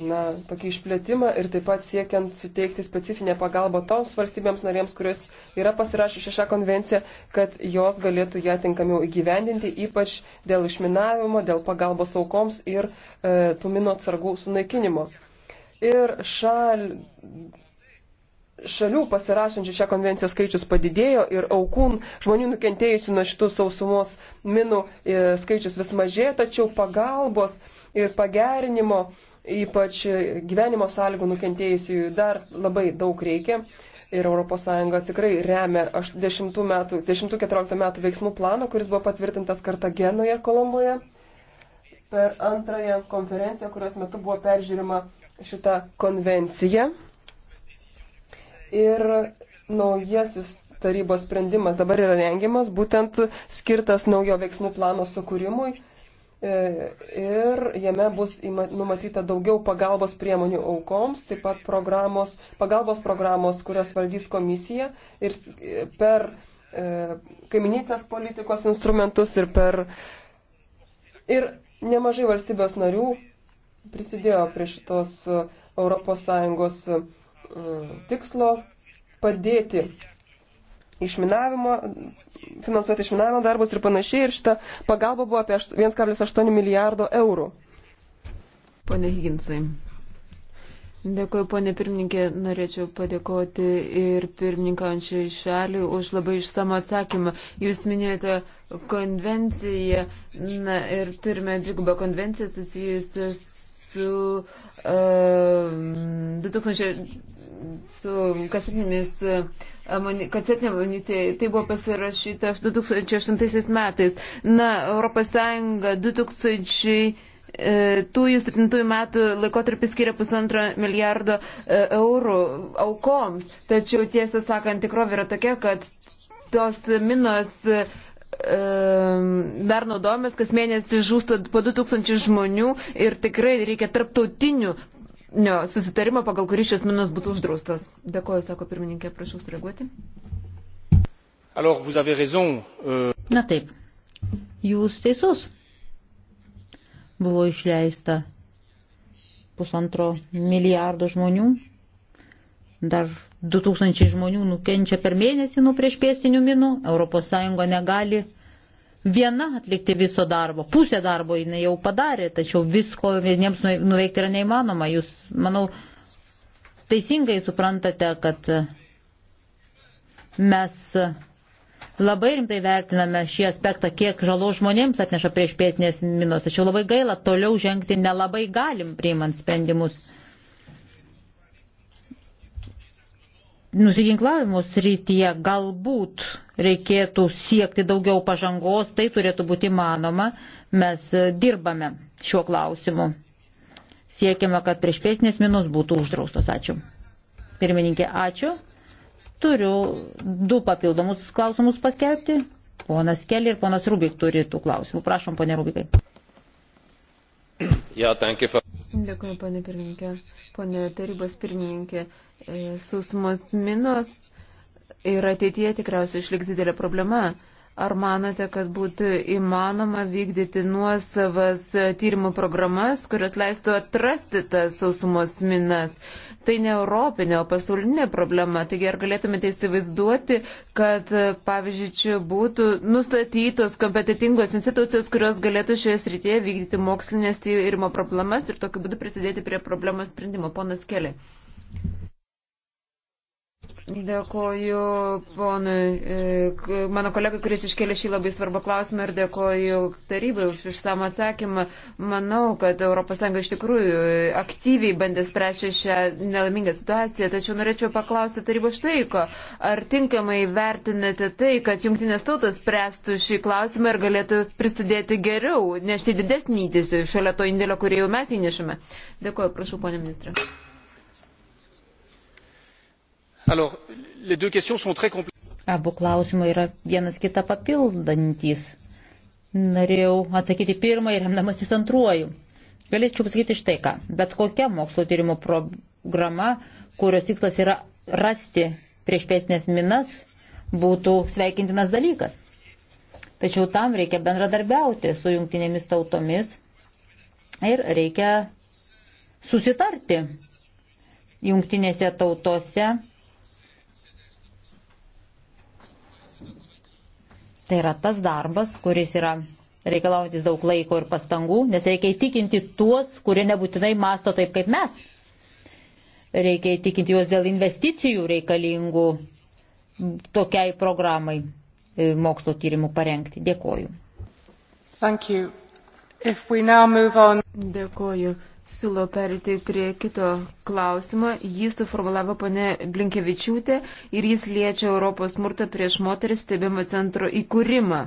[SPEAKER 3] na, tokį išplėtimą ir taip pat siekiant suteikti specifinę pagalbą toms valstybėms narėms, kurios yra pasirašyšę šią konvenciją, kad jos galėtų ją tinkamiau įgyvendinti, ypač dėl išminavimo, dėl pagalbos aukoms ir e, tų mino atsargų sunaikinimo. Ir šal, šalių pasirašančių šią konvenciją skaičius padidėjo ir aukų žmonių nukentėjusių nuo šitų sausumos minų e, skaičius vis mažėja, tačiau pagalbos ir pagerinimo ypač gyvenimo sąlygų nukentėjusiųjų dar labai daug reikia. Ir ES tikrai remia 10-14 metų veiksmų planą, kuris buvo patvirtintas Kartagenoje, Kolomboje, per antrąją konferenciją, kurios metu buvo peržiūrima šita konvencija. Ir naujasis tarybos sprendimas dabar yra rengiamas, būtent skirtas naujo veiksmų plano sukūrimui E, ir jame bus numatyta daugiau pagalbos priemonių aukoms, taip pat programos, pagalbos programos, kurias valdys komisija ir e, per e, kaiminystės politikos instrumentus ir per. Ir nemažai valstybės narių prisidėjo prie šitos ES tikslo padėti išminavimo, finansuoti išminavimo darbus ir panašiai. Ir šita pagalba buvo apie 1,8 milijardo eurų. Pone Higginsai.
[SPEAKER 4] Dėkuoju, ponė pirmininkė, norėčiau padėkoti ir pirmininkaujančiai šaliai už labai išsamą atsakymą. Jūs minėjote konvenciją na, ir turime dvigubą konvenciją susijusią su ehm, uh, 2000 su kasetinėmis e, kasetinė amunicija. Tai buvo pasirašyta 2008 metais. Na, ES 2007 e, metų laikotarpį skiria pusantro milijardo e, eurų aukoms. Tačiau tiesą sakant, tikrovė yra tokia, kad tos minos dar naudojamės, kas mėnesį žūsta po 2000 žmonių ir tikrai reikia tarptautinių no, susitarimą, pagal kurį šios minos būtų uždraustos. Dėkoju, sako pirmininkė, prašau sureaguoti.
[SPEAKER 2] Alors, vous avez raison. Euh...
[SPEAKER 4] Na taip, jūs teisus.
[SPEAKER 1] Buvo išleista pusantro milijardo žmonių. Dar 2000 žmonių nukenčia per mėnesį nuo prieš pėstinių minų. ES negali viena atlikti viso darbo. Pusę darbo jinai jau padarė, tačiau visko vieniems nu, nuveikti yra neįmanoma. Jūs, manau, teisingai suprantate, kad mes labai rimtai vertiname šį aspektą, kiek žalo žmonėms atneša prieš pėtinės minos. Tačiau labai gaila, toliau žengti nelabai galim priimant sprendimus. Nusiginklavimo srityje galbūt reikėtų siekti daugiau pažangos, tai turėtų būti manoma, mes e, dirbame šiuo klausimu. Siekime, kad prieš pėsnės minus būtų uždraustos. Ačiū. Pirmininkė, ačiū. Turiu du papildomus klausimus paskelbti. Ponas Keli ir ponas Rubik turi tų klausimų. Prašom, ponė Rubikai.
[SPEAKER 3] Ja, for...
[SPEAKER 4] Dėkuoju, ponė pirmininkė. Ponė tarybos pirmininkė, e, sausumos minos ir ateityje tikriausiai išliks didelė problema. Ar manote, kad būtų įmanoma vykdyti nuosavas tyrimų programas, kurios leistų atrasti tas sausumos minas? Tai ne europinė, o pasaulinė problema. Taigi ar galėtumėte įsivaizduoti, kad, pavyzdžiui, čia būtų nustatytos kompetitingos institucijos, kurios galėtų šioje srityje vykdyti mokslinės tyrimo problemas ir tokiu būdu prisidėti prie problemos sprendimo? Ponas Kelė. Dėkoju ponui, e, mano kolegai, kuris iškėlė šį labai svarbą klausimą ir dėkoju tarybai už išsamą atsakymą. Manau, kad ES iš tikrųjų aktyviai bandė spręsti šią nelaimingą situaciją, tačiau norėčiau paklausti tarybos štai ko. Ar tinkamai vertinate tai, kad jungtinės tautos spręstų šį klausimą ir galėtų prisidėti geriau, nešti didesnį įdėsį šalia to indėlio, kurį jau mes įnešame? Dėkoju, prašau, ponė ministrė. Abu klausimai yra
[SPEAKER 1] vienas kitą papildantis. Norėjau atsakyti pirmą ir remdamasis antruoju. Galėčiau pasakyti štai ką. Bet kokia mokslo tyrimo programa, kurios tikslas yra rasti prieš pėsnės minas, būtų sveikintinas dalykas. Tačiau tam reikia bendradarbiauti su jungtinėmis tautomis ir reikia susitarti jungtinėse tautose Tai yra tas darbas, kuris yra reikalaujantis daug laiko ir pastangų, nes reikia įtikinti tuos, kurie nebūtinai masto taip kaip mes. Reikia įtikinti juos dėl investicijų reikalingų tokiai programai e, mokslo tyrimų parengti. Dėkoju.
[SPEAKER 4] Dėkoju. Siūlau perėti prie kito klausimo. Jį suformulavo pane Blinkevičiūtė ir jis liečia Europos smurto prieš moteris stebimo centro įkūrimą.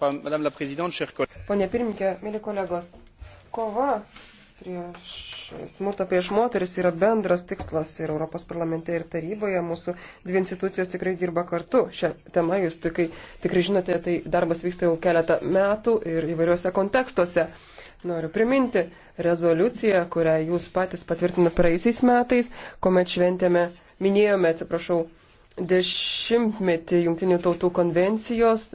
[SPEAKER 2] Pone
[SPEAKER 3] pirmininkė, mėly kolegos, kova prieš smurto prieš moteris yra bendras tikslas ir Europos parlamente ir taryboje. Mūsų dvi institucijos tikrai dirba kartu šią temą. Jūs tikrai, tikrai žinote, tai darbas vyksta jau keletą metų ir įvairiuose kontekstuose. Noriu priminti rezoliuciją, kurią jūs patys patvirtinat praeisiais metais, kuomet šventėme, minėjome, atsiprašau, dešimtmetį Junktinių tautų konvencijos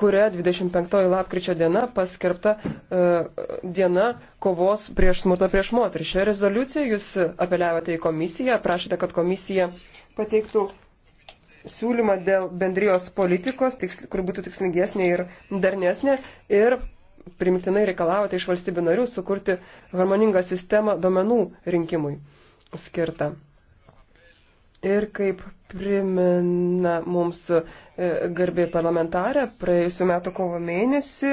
[SPEAKER 3] kuria 25 lapkričio diena paskelbta uh, diena kovos prieš smurtą prieš moterį. Šią rezoliuciją jūs apeliavote į komisiją, prašėte, kad komisija pateiktų siūlymą dėl bendrijos politikos, tiksl, kur būtų tikslingesnė ir darnesnė, ir primtinai reikalavote iš valstybių narių sukurti harmoningą sistemą domenų rinkimui skirtą. Ir kaip primina mums e, garbė parlamentarė, praėjusiu metu kovo mėnesį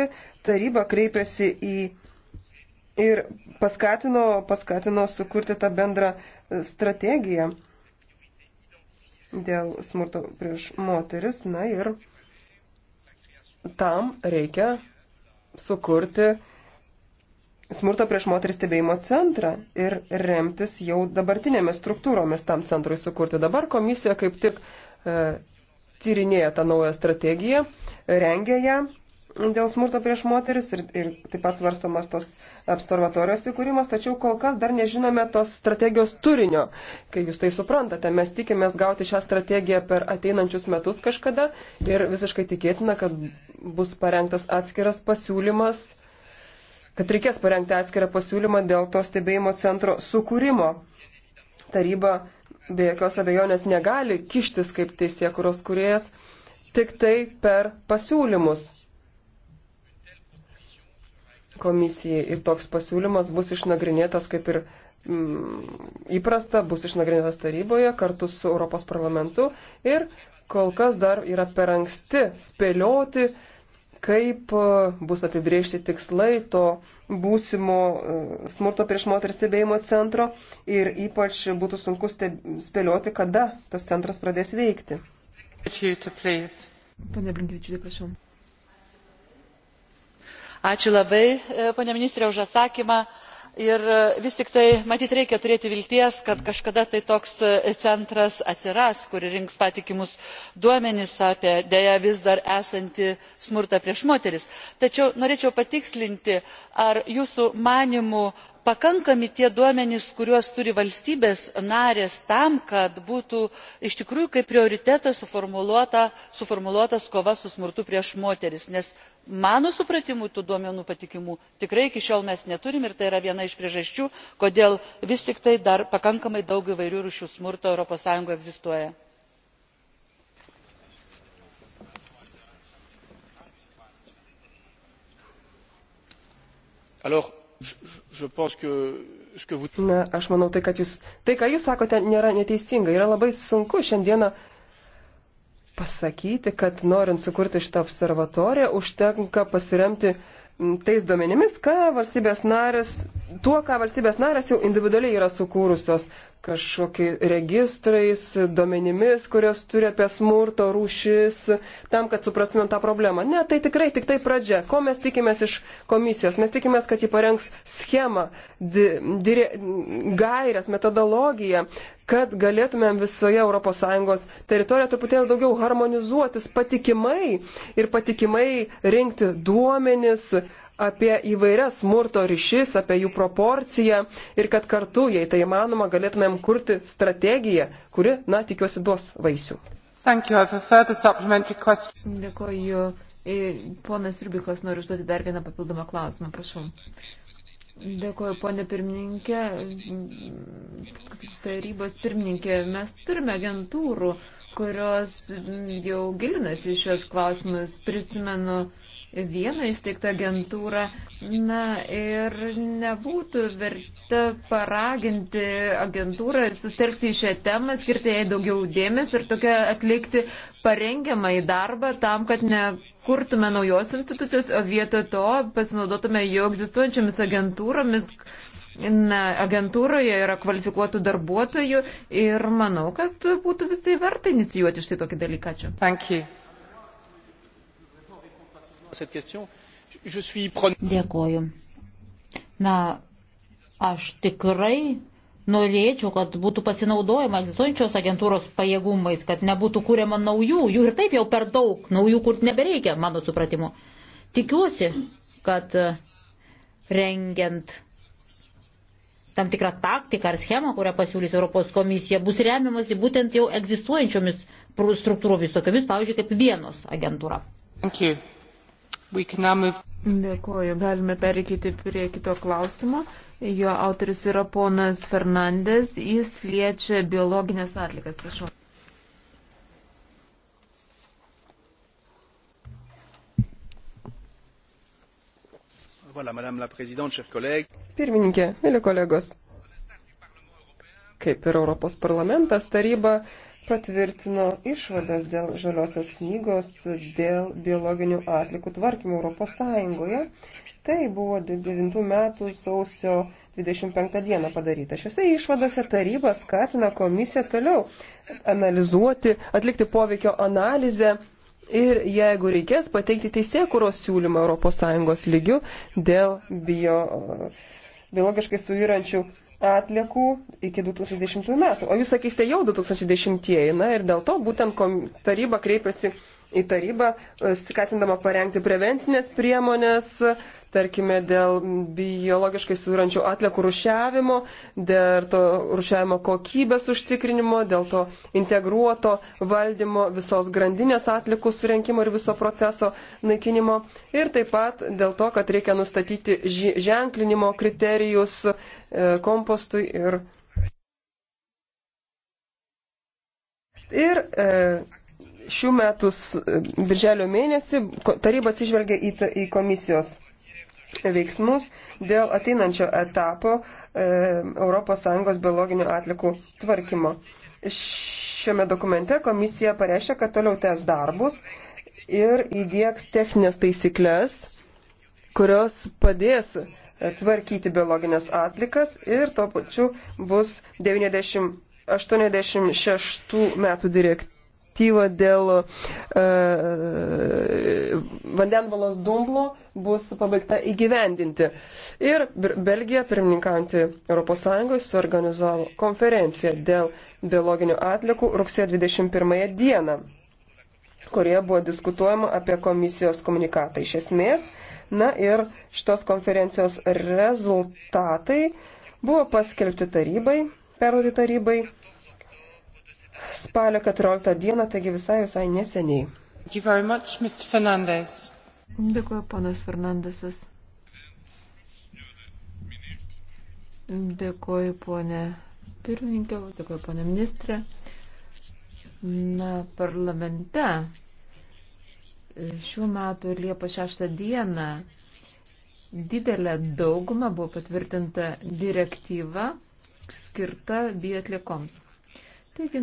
[SPEAKER 3] taryba kreipėsi į ir paskatino, paskatino sukurti tą bendrą e, strategiją dėl smurto prieš moteris. Na ir tam reikia sukurti smurto prieš moteris stebėjimo centrą ir remtis jau dabartinėmis struktūromis tam centrui sukurti. Dabar komisija kaip tik e, tyrinėja tą naują strategiją, rengia ją dėl smurto prieš moteris ir, ir taip pat svarstamas tos observatorijos įkūrimas, tačiau kol kas dar nežinome tos strategijos turinio. Kai jūs tai suprantate, mes tikimės gauti šią strategiją per ateinančius metus kažkada ir visiškai tikėtina, kad bus parengtas atskiras pasiūlymas kad reikės parengti atskirą pasiūlymą dėl to stebėjimo centro sukūrimo. Taryba be jokios abejonės negali kištis kaip teisėkuros kuriejas tik tai per pasiūlymus komisijai. Ir toks pasiūlymas bus išnagrinėtas kaip ir mm, įprasta, bus išnagrinėtas taryboje kartu su Europos parlamentu ir kol kas dar yra per anksti spėlioti, kaip e, bus apibriežti tikslai to būsimo e, smurto prieš moteris stebėjimo centro ir ypač būtų sunku spėlioti, kada tas centras pradės veikti.
[SPEAKER 2] Pane
[SPEAKER 3] Blinkevičiūtė, prašau.
[SPEAKER 2] Ačiū labai, e, ponė ministrė, už atsakymą ir e, vis tik tai matyt reikia turėti vilties kad kažkada tai toks e, centras atsiras kuris rinks patikimus duomenis apie deja vis dar esantį smurtą prieš moteris. tačiau norėčiau patikslinti ar jūsų manymu pakankami tie duomenys kuriuos turi valstybės narės tam kad būtų iš tikrųjų kaip prioritetas suformuluota suformuluotas kova su smurtu prieš moteris nes mano supratimu tų duomenų patikimų tikrai iki šiol mes neturime ir tai yra viena iš priežasčių kodėl vis tik tai dar pakankamai daug įvairių rūšių smurto europos sąjungoje egzistuoja.
[SPEAKER 3] Na, aš manau, tai, jūs, tai, ką jūs sakote, nėra neteisinga. Yra labai sunku šiandieną pasakyti, kad norint sukurti šitą observatoriją, užtenka pasiremti tais duomenimis, ką valstybės narės, tuo, ką valstybės narės jau individualiai yra sukūrusios kažkokiais registrais, duomenimis, kurios turi apie smurto rūšis, tam, kad suprastumėm tą problemą. Ne, tai tikrai tik tai pradžia. Ko mes tikimės iš komisijos? Mes tikimės, kad ji parengs schemą, di, di, gairias, metodologiją, kad galėtumėm visoje ES teritorijoje truputėlį daugiau harmonizuotis patikimai ir patikimai rinkti duomenis, apie įvairias smurto ryšis, apie jų proporciją ir kad kartu, jei tai įmanoma, galėtumėm kurti strategiją, kuri, na, tikiuosi, duos vaisių.
[SPEAKER 4] Dėkoju. E, ponas Rubikas nori užduoti dar vieną papildomą klausimą, prašau. Dėkuoju, ponė pirmininkė, tarybos pirmininkė. Mes turime agentūrų, kurios jau gilinasi į šios klausimus. Prisimenu, uh, vieną įsteigtą agentūrą, na ir nebūtų verta paraginti agentūrą sustelkti į šią temą, skirti jai daugiau dėmesio ir tokia atlikti parengiamą į darbą tam, kad nekurtume naujos institucijos, o vietoj to pasinaudotume jau egzistuojančiamis agentūromis. Na, agentūroje yra kvalifikuotų darbuotojų ir manau, kad būtų visai verta inicijuoti štai tokį dalyką. Ačiū.
[SPEAKER 2] Dėkoju.
[SPEAKER 1] Na, aš tikrai norėčiau, kad būtų pasinaudojama egzistuojančios agentūros pajėgumais, kad nebūtų kūriama naujų, jų ir taip jau per daug, naujų kurti nebereikia, mano supratimu. Tikiuosi, kad e, rengiant tam tikrą taktiką ar schemą, kurią pasiūlys Europos komisija, bus remiamasi būtent jau egzistuojančiomis
[SPEAKER 4] struktūromis, tokiamis, pavyzdžiui, kaip vienos agentūra.
[SPEAKER 2] Thank you. Dėkuoju,
[SPEAKER 4] galime perikyti prie kito klausimo. Jo autoris yra ponas Fernandės, jis liečia biologinės atlikas, prašau.
[SPEAKER 2] Voilà, Madame la Présidente, chers collègues.
[SPEAKER 3] Pirmininkė, mėly kolegos. Kaip ir Europos parlamentas, taryba patvirtino išvadas dėl žaliosios knygos dėl biologinių atlikų tvarkymų Europos Sąjungoje. Tai buvo 9 metų sausio 25 dieną padaryta. Šiuose išvadose taryba skatina komisiją toliau analizuoti, atlikti poveikio analizę ir jeigu reikės pateikti teisėkuros siūlymą ES lygių dėl bio, biologiškai suyrančių atliekų iki 2010 metų. O jūs sakysite jau 2010-ieji, na ir dėl to būtent taryba kreipiasi į tarybą, e, skatindama parengti prevencinės priemonės, tarkime, dėl biologiškai sūrančių atliekų rušiavimo, dėl to rušiavimo kokybės užtikrinimo, dėl to integruoto valdymo visos grandinės atliekų surinkimo ir viso proceso naikinimo ir taip pat dėl to, kad reikia nustatyti ženklinimo kriterijus e, kompostui ir. Ir e, šių metų birželio mėnesį taryba atsižvelgia į, į komisijos veiksmus dėl ateinančio etapo ES biologinių atlikų tvarkymo. Šiame dokumente komisija pareiškia, kad toliau tęs darbus ir įdėks techninės taisyklės, kurios padės tvarkyti biologinės atlikas ir to pačiu bus 90, 86 metų direktyva direktyva dėl e, vandenvalos dumblo bus pabaigta įgyvendinti. Ir Belgija, pirmininkaujantį ES, suorganizavo konferenciją dėl biologinių atlikų rugsėjo 21 dieną, kurioje buvo diskutuojama apie komisijos komunikatą iš esmės. Na ir šitos konferencijos rezultatai buvo paskelbti tarybai, perduoti tarybai spalio 14 dieną, taigi visai visai neseniai. Dėkuoju, ponas Fernandesas. Dėkuoju, ponė
[SPEAKER 4] pirmininkė, dėkuoju, ponė ministrė. Na, parlamente šių metų Liepos 6 dieną didelė dauguma buvo patvirtinta direktyva skirta biotlikoms. Taigi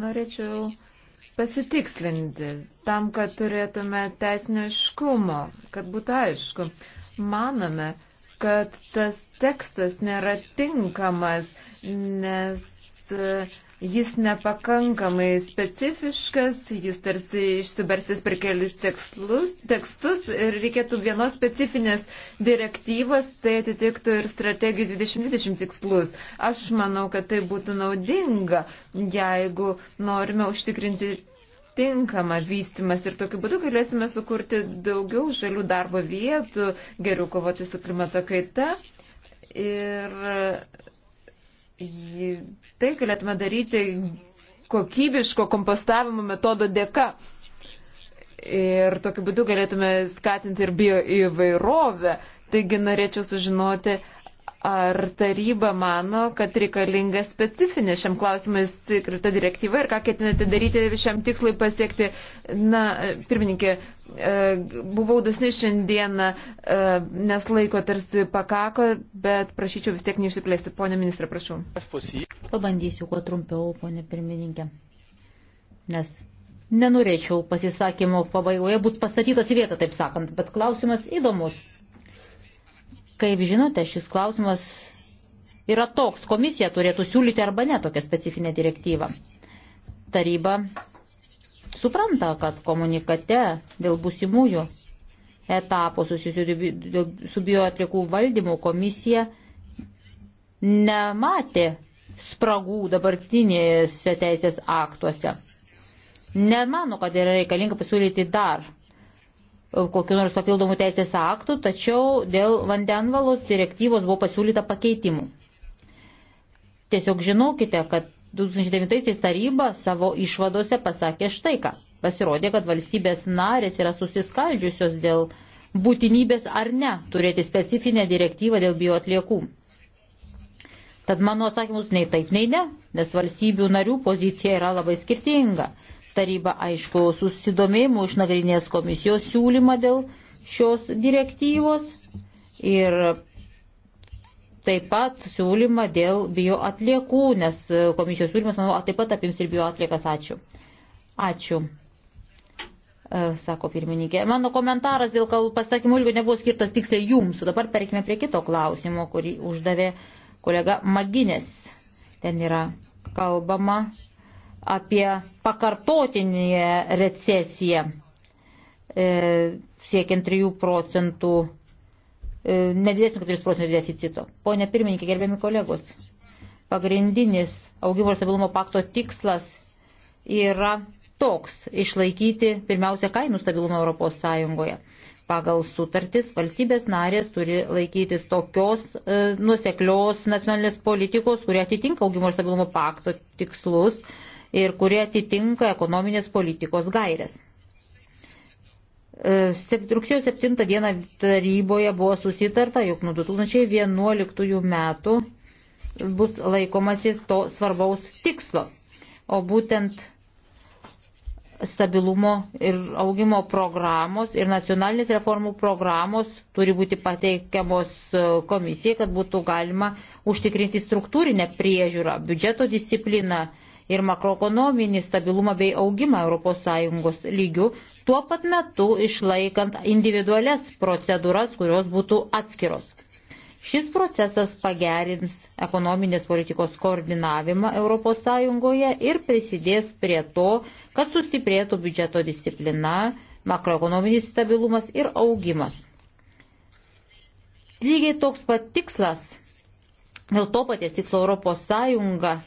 [SPEAKER 4] norėčiau pasitikslinti tam, kad turėtume teisinio iškumo, kad būtų aišku. Manome, kad tas tekstas nėra tinkamas, nes Jis nepakankamai specifiškas, jis tarsi išsibarsis per kelis tekslus, tekstus ir reikėtų vienos specifinės direktyvos, tai atitiktų ir strategijų 2020 tikslus. Aš manau, kad tai būtų naudinga, jeigu norime užtikrinti tinkamą vystimas ir tokiu būdu galėsime sukurti daugiau žalių darbo vietų, geriau kovoti su klimato kaita. Ir Tai galėtume daryti kokybiško kompostavimo metodo dėka. Ir tokiu būdu galėtume skatinti ir bio įvairovę. Taigi norėčiau sužinoti, ar taryba mano, kad reikalinga specifinė šiam klausimui skirta direktyva ir ką ketinate daryti šiam tikslui pasiekti. Na, pirmininkė, E, buvau dusni šiandieną, e, nes laiko tarsi pakako, bet prašyčiau vis tiek neišsiplėsti. Pone ministrė, prašau. Pabandysiu kuo trumpiau, ponė pirmininkė. Nes
[SPEAKER 1] nenorėčiau pasisakymo pabaigoje būti pastatytas į vietą, taip sakant, bet klausimas įdomus. Kaip žinote, šis klausimas yra toks. Komisija turėtų siūlyti arba ne tokią specifinę direktyvą. Taryba supranta, kad komunikate dėl busimųjų etapų susijusių su bioatliekų valdymu komisija nematė spragų dabartinėse teisės aktuose. Nemano, kad yra reikalinga pasiūlyti dar e, kokiu nors papildomų teisės aktų, tačiau dėl vandenvalos direktyvos buvo pasiūlyta pakeitimų. Tiesiog žinokite, kad 2009 taryba savo išvadose pasakė štai ką. Pasirodė, kad valstybės narės yra susiskaldžiusios dėl būtinybės ar ne turėti specifinę direktyvą dėl bioatliekų. Tad mano atsakymus nei taip, nei ne, nes valstybių narių pozicija yra labai skirtinga. Taryba, aišku, susidomėjimu išnagrinės komisijos siūlymą dėl šios direktyvos ir taip pat siūlymą dėl bioatliekų, nes e, komisijos siūlymas, manau, taip pat apims ir bioatliekas. Ačiū. Ačiū. E, sako pirmininkė. Mano komentaras dėl pasakymų ilgio nebuvo skirtas tiksliai jums. O dabar perkime prie kito klausimo, kurį uždavė kolega Maginės. Ten yra kalbama apie pakartotinį recesiją e, siekiant 3 procentų E, nedidesnio 4 procentų deficito. Pone pirmininkė, gerbiami kolegos, pagrindinis augimo ir stabilumo pakto tikslas yra toks - išlaikyti pirmiausia kainų stabilumą Europos Sąjungoje. Pagal sutartis valstybės narės turi laikytis tokios e, nuseklios nacionalinės politikos, kurie atitinka augimo ir stabilumo pakto tikslus ir kurie atitinka ekonominės politikos gairės. E, rugsėjo 7 dieną taryboje buvo susitarta, jog nuo 2011 metų bus laikomasi to svarbaus tikslo, o būtent stabilumo ir augimo programos ir nacionalinės reformų programos turi būti pateikiamos komisijai, kad būtų galima užtikrinti struktūrinę priežiūrą, biudžeto discipliną ir makroekonominį stabilumą bei augimą ES lygių, tuo pat metu išlaikant individualias procedūras, kurios būtų atskiros. Šis procesas pagerins ekonominės politikos koordinavimą ES ir prisidės prie to, kad sustiprėtų biudžeto disciplina, makroekonominis stabilumas ir augimas. Lygiai toks pat tikslas, dėl to paties tikslo ES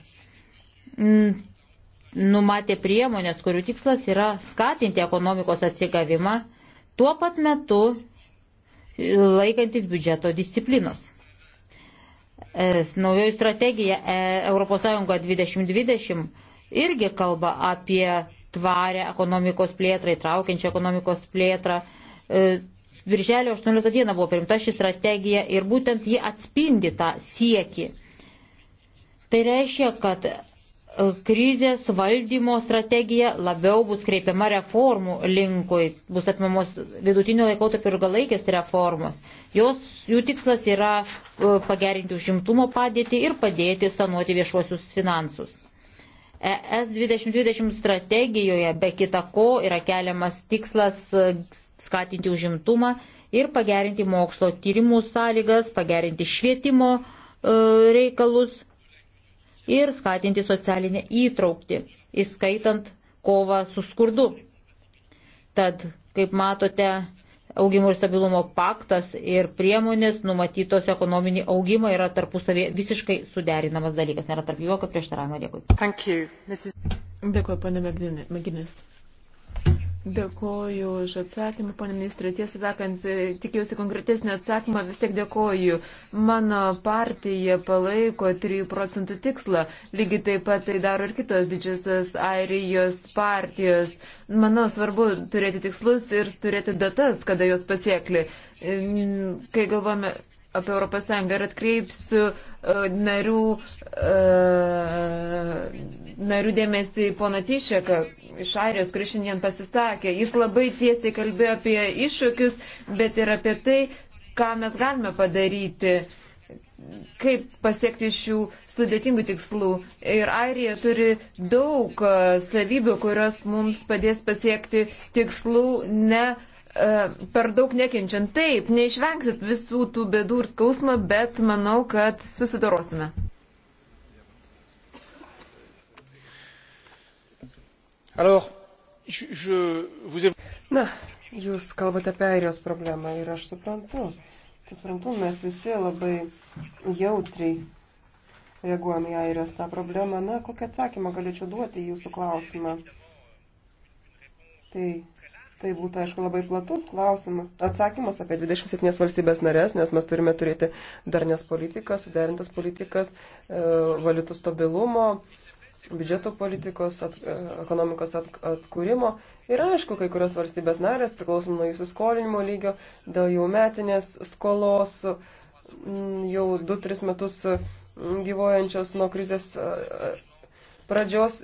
[SPEAKER 1] numatė priemonės, kurių tikslas yra skatinti ekonomikos atsigavimą, tuo pat metu e, laikantis biudžeto disciplinos. E, naujoji strategija ES 2020 irgi kalba apie tvarę ekonomikos plėtrą, įtraukiančią ekonomikos plėtrą. Virželio e, 18 dieną buvo primta ši strategija ir būtent ji atspindi tą siekį. Tai reiškia, kad krizės valdymo strategija labiau bus kreipiama reformų linkui, bus atmamos vidutinio laikotarpio ir galaikės reformos. Jos, jų tikslas yra e, pagerinti užimtumo padėtį ir padėti sanuoti viešuosius finansus. ES 2020 strategijoje be kita ko yra keliamas tikslas e, skatinti užimtumą ir pagerinti mokslo tyrimų sąlygas, pagerinti švietimo e, reikalus ir skatinti socialinę įtraukti, įskaitant kovą su skurdu. Tad, kaip matote, augimo ir stabilumo paktas ir priemonės numatytos ekonominį augimą yra tarpusavėje visiškai suderinamas dalykas, nėra tarp jokio prieštaravimo.
[SPEAKER 4] Dėkui. Dėkui, ponė Meginis. Dėkoju už atsakymą, ponė ministrė. Tiesą sakant, e, tikėjausi konkretesnį atsakymą, vis tiek dėkoju. Mano partija palaiko 3 procentų tikslą. Lygiai taip pat tai daro ir kitos didžiosios Airijos partijos. Manau, svarbu turėti tikslus ir turėti datas, kada juos pasiekli. Kai galvome apie Europos Sąjungą ir atkreipsiu e, narių, e, narių dėmesį į poną Tyšeką iš Airijos, kuris šiandien pasisakė. Jis labai tiesiai kalbėjo apie iššūkius, bet ir apie tai, ką mes galime padaryti kaip pasiekti šių sudėtingų tikslų. Ir Airija turi daug e, savybių, kurios mums padės pasiekti tikslų ne e, per daug nekenčiant. Taip, neišvengsit visų tų bėdų ir skausmą, bet manau, kad susidorosime.
[SPEAKER 2] Alors, je, je, vous...
[SPEAKER 3] Na, jūs kalbate apie airijos problemą ir aš suprantu suprantu, mes visi labai jautriai reaguojame į airijos tą problemą. Na, kokį atsakymą galėčiau duoti į jūsų klausimą? Tai, tai būtų, aišku, labai platus klausimas. Atsakymas apie 27 valstybės narės, nes mes turime turėti darnės politikas, suderintas politikas, e, valiutų stabilumo, e, biudžeto politikos, at, e, ekonomikos at, atkūrimo. Ir aišku, kai kurios valstybės narės, priklausomai nuo jūsų skolinimo lygio, dėl jau metinės skolos, mm, jau 2-3 metus mm, gyvojančios nuo krizės e, e, pradžios,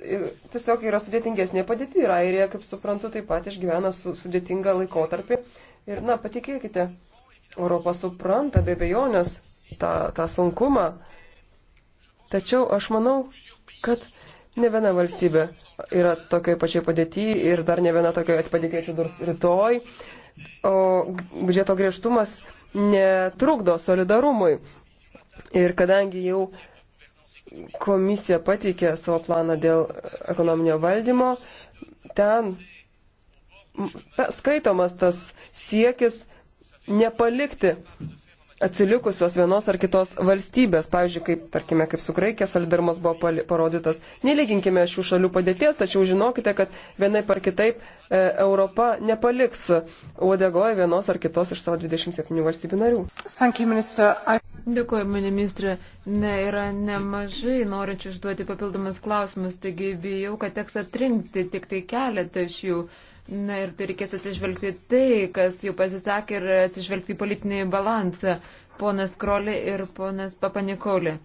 [SPEAKER 3] tiesiog yra sudėtingesnė padėti. Ir Airija, kaip suprantu, taip pat išgyvena su, sudėtingą laikotarpį. Ir, na, patikėkite, Europa supranta be bejonės tą, tą sunkumą. Tačiau aš manau, kad Ne viena valstybė yra tokioje pačioje padėtyje ir dar ne viena tokioje padėtyje atsidurs rytoj. O biudžeto griežtumas netrukdo solidarumui. Ir kadangi jau komisija pateikė savo planą dėl ekonominio valdymo, ten skaitomas tas siekis nepalikti atsilikusios vienos ar kitos valstybės, pavyzdžiui, kaip, tarkime, kaip su Graikija solidarumas buvo parodytas. Nelyginkime šių šalių padėties, tačiau žinokite, kad vienai par kitaip e, Europa nepaliks uodegoje vienos ar kitos iš savo 27 valstybių narių.
[SPEAKER 4] You, Dėkuoju, mane ministrė. Ne, yra nemažai norinčių užduoti papildomas klausimus, taigi bijau, kad teks atrinkti tik tai keletą iš jų. Šių Na ir tai reikės atsižvelgti tai, kas jau pasisakė, ir atsižvelgti politinį balansą. Ponas Krolė ir ponas Papanikolė.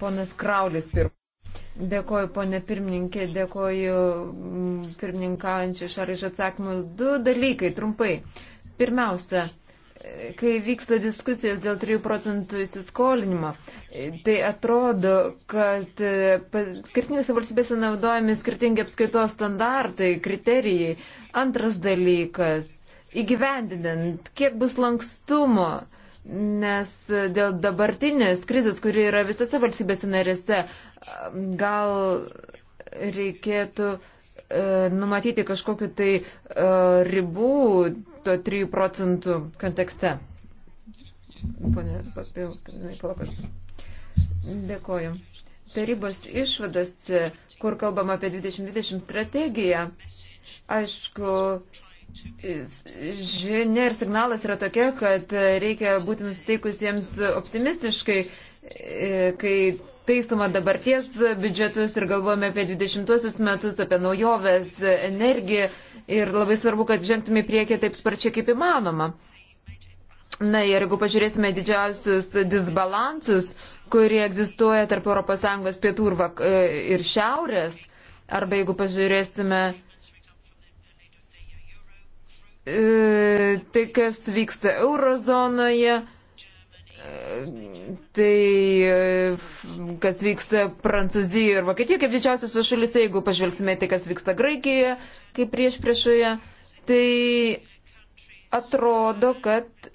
[SPEAKER 4] Ponas Kraulis pirmas. Dėkoju, ponė pirmininkė, dėkoju mm, pirmininkaujančiai šaliai iš atsakymų. Du dalykai, trumpai. Pirmiausia, kai vyksta diskusijos dėl 3 procentų įsiskolinimo, tai atrodo, kad e, skirtingose valstybėse naudojami skirtingi apskaitos standartai, kriterijai. Antras dalykas - įgyvendinant, kiek bus lankstumo. Nes dėl dabartinės krizės, kuri yra visose valstybėse narėse, gal reikėtų e, numatyti kažkokiu tai e, ribų to 3 procentų kontekste. Pone Papiukas. Dėkoju. Tarybos išvadas, kur kalbam apie 2020 strategiją, Aišku, žinia ir signalas yra tokia, kad reikia būti nusiteikusiems optimistiškai, kai taisoma dabarties biudžetus ir galvojame apie 20 metus, apie naujoves, energiją ir labai svarbu, kad žengtume į priekį taip sparčiai kaip įmanoma. Na ir jeigu pažiūrėsime didžiausius disbalansus, kurie egzistuoja tarp ES pietų ir, vak, ir šiaurės, arba jeigu pažiūrėsime E, tai kas vyksta eurozonoje, e, tai e, kas vyksta Prancūzijoje ir Vokietijoje kaip didžiausiose šalise, jeigu pažvelgsime tai, kas vyksta Graikijoje kaip prieš priešoje, tai atrodo, kad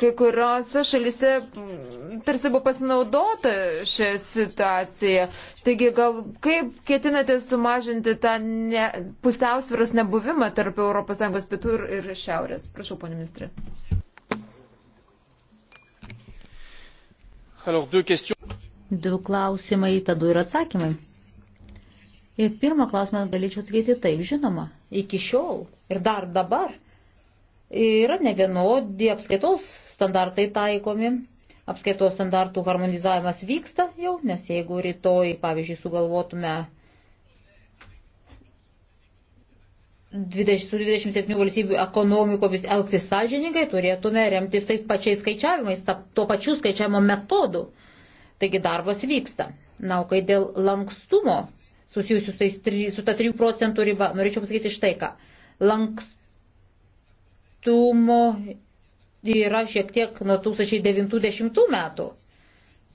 [SPEAKER 4] kai kuriuose šalise mm, tarsi buvo pasinaudota šią situaciją. Taigi gal kaip ketinate sumažinti tą ne, pusiausvėros nebuvimą tarp ES pietų ir, ir šiaurės? Prašau, ponė ministrė.
[SPEAKER 1] Du klausimai, tada ir atsakymai. Ir pirmą klausimą galėčiau atsakyti taip, žinoma, iki šiol ir dar dabar Yra ne vienodi apskaitos standartai taikomi. Apskaitos standartų harmonizavimas vyksta jau, nes jeigu rytoj, pavyzdžiui, sugalvotume 20, su 27 valstybių ekonomikomis elgtis sąžiningai, turėtume remtis tais pačiais skaičiavimais, ta, tuo pačiu skaičiavimo metodu. Taigi darbas vyksta. Na, o kai dėl lankstumo susijusių su, tais, su ta 3 procentų riba, norėčiau pasakyti štai ką. Lankstumo lankstumo yra šiek tiek nuo 1990 metų.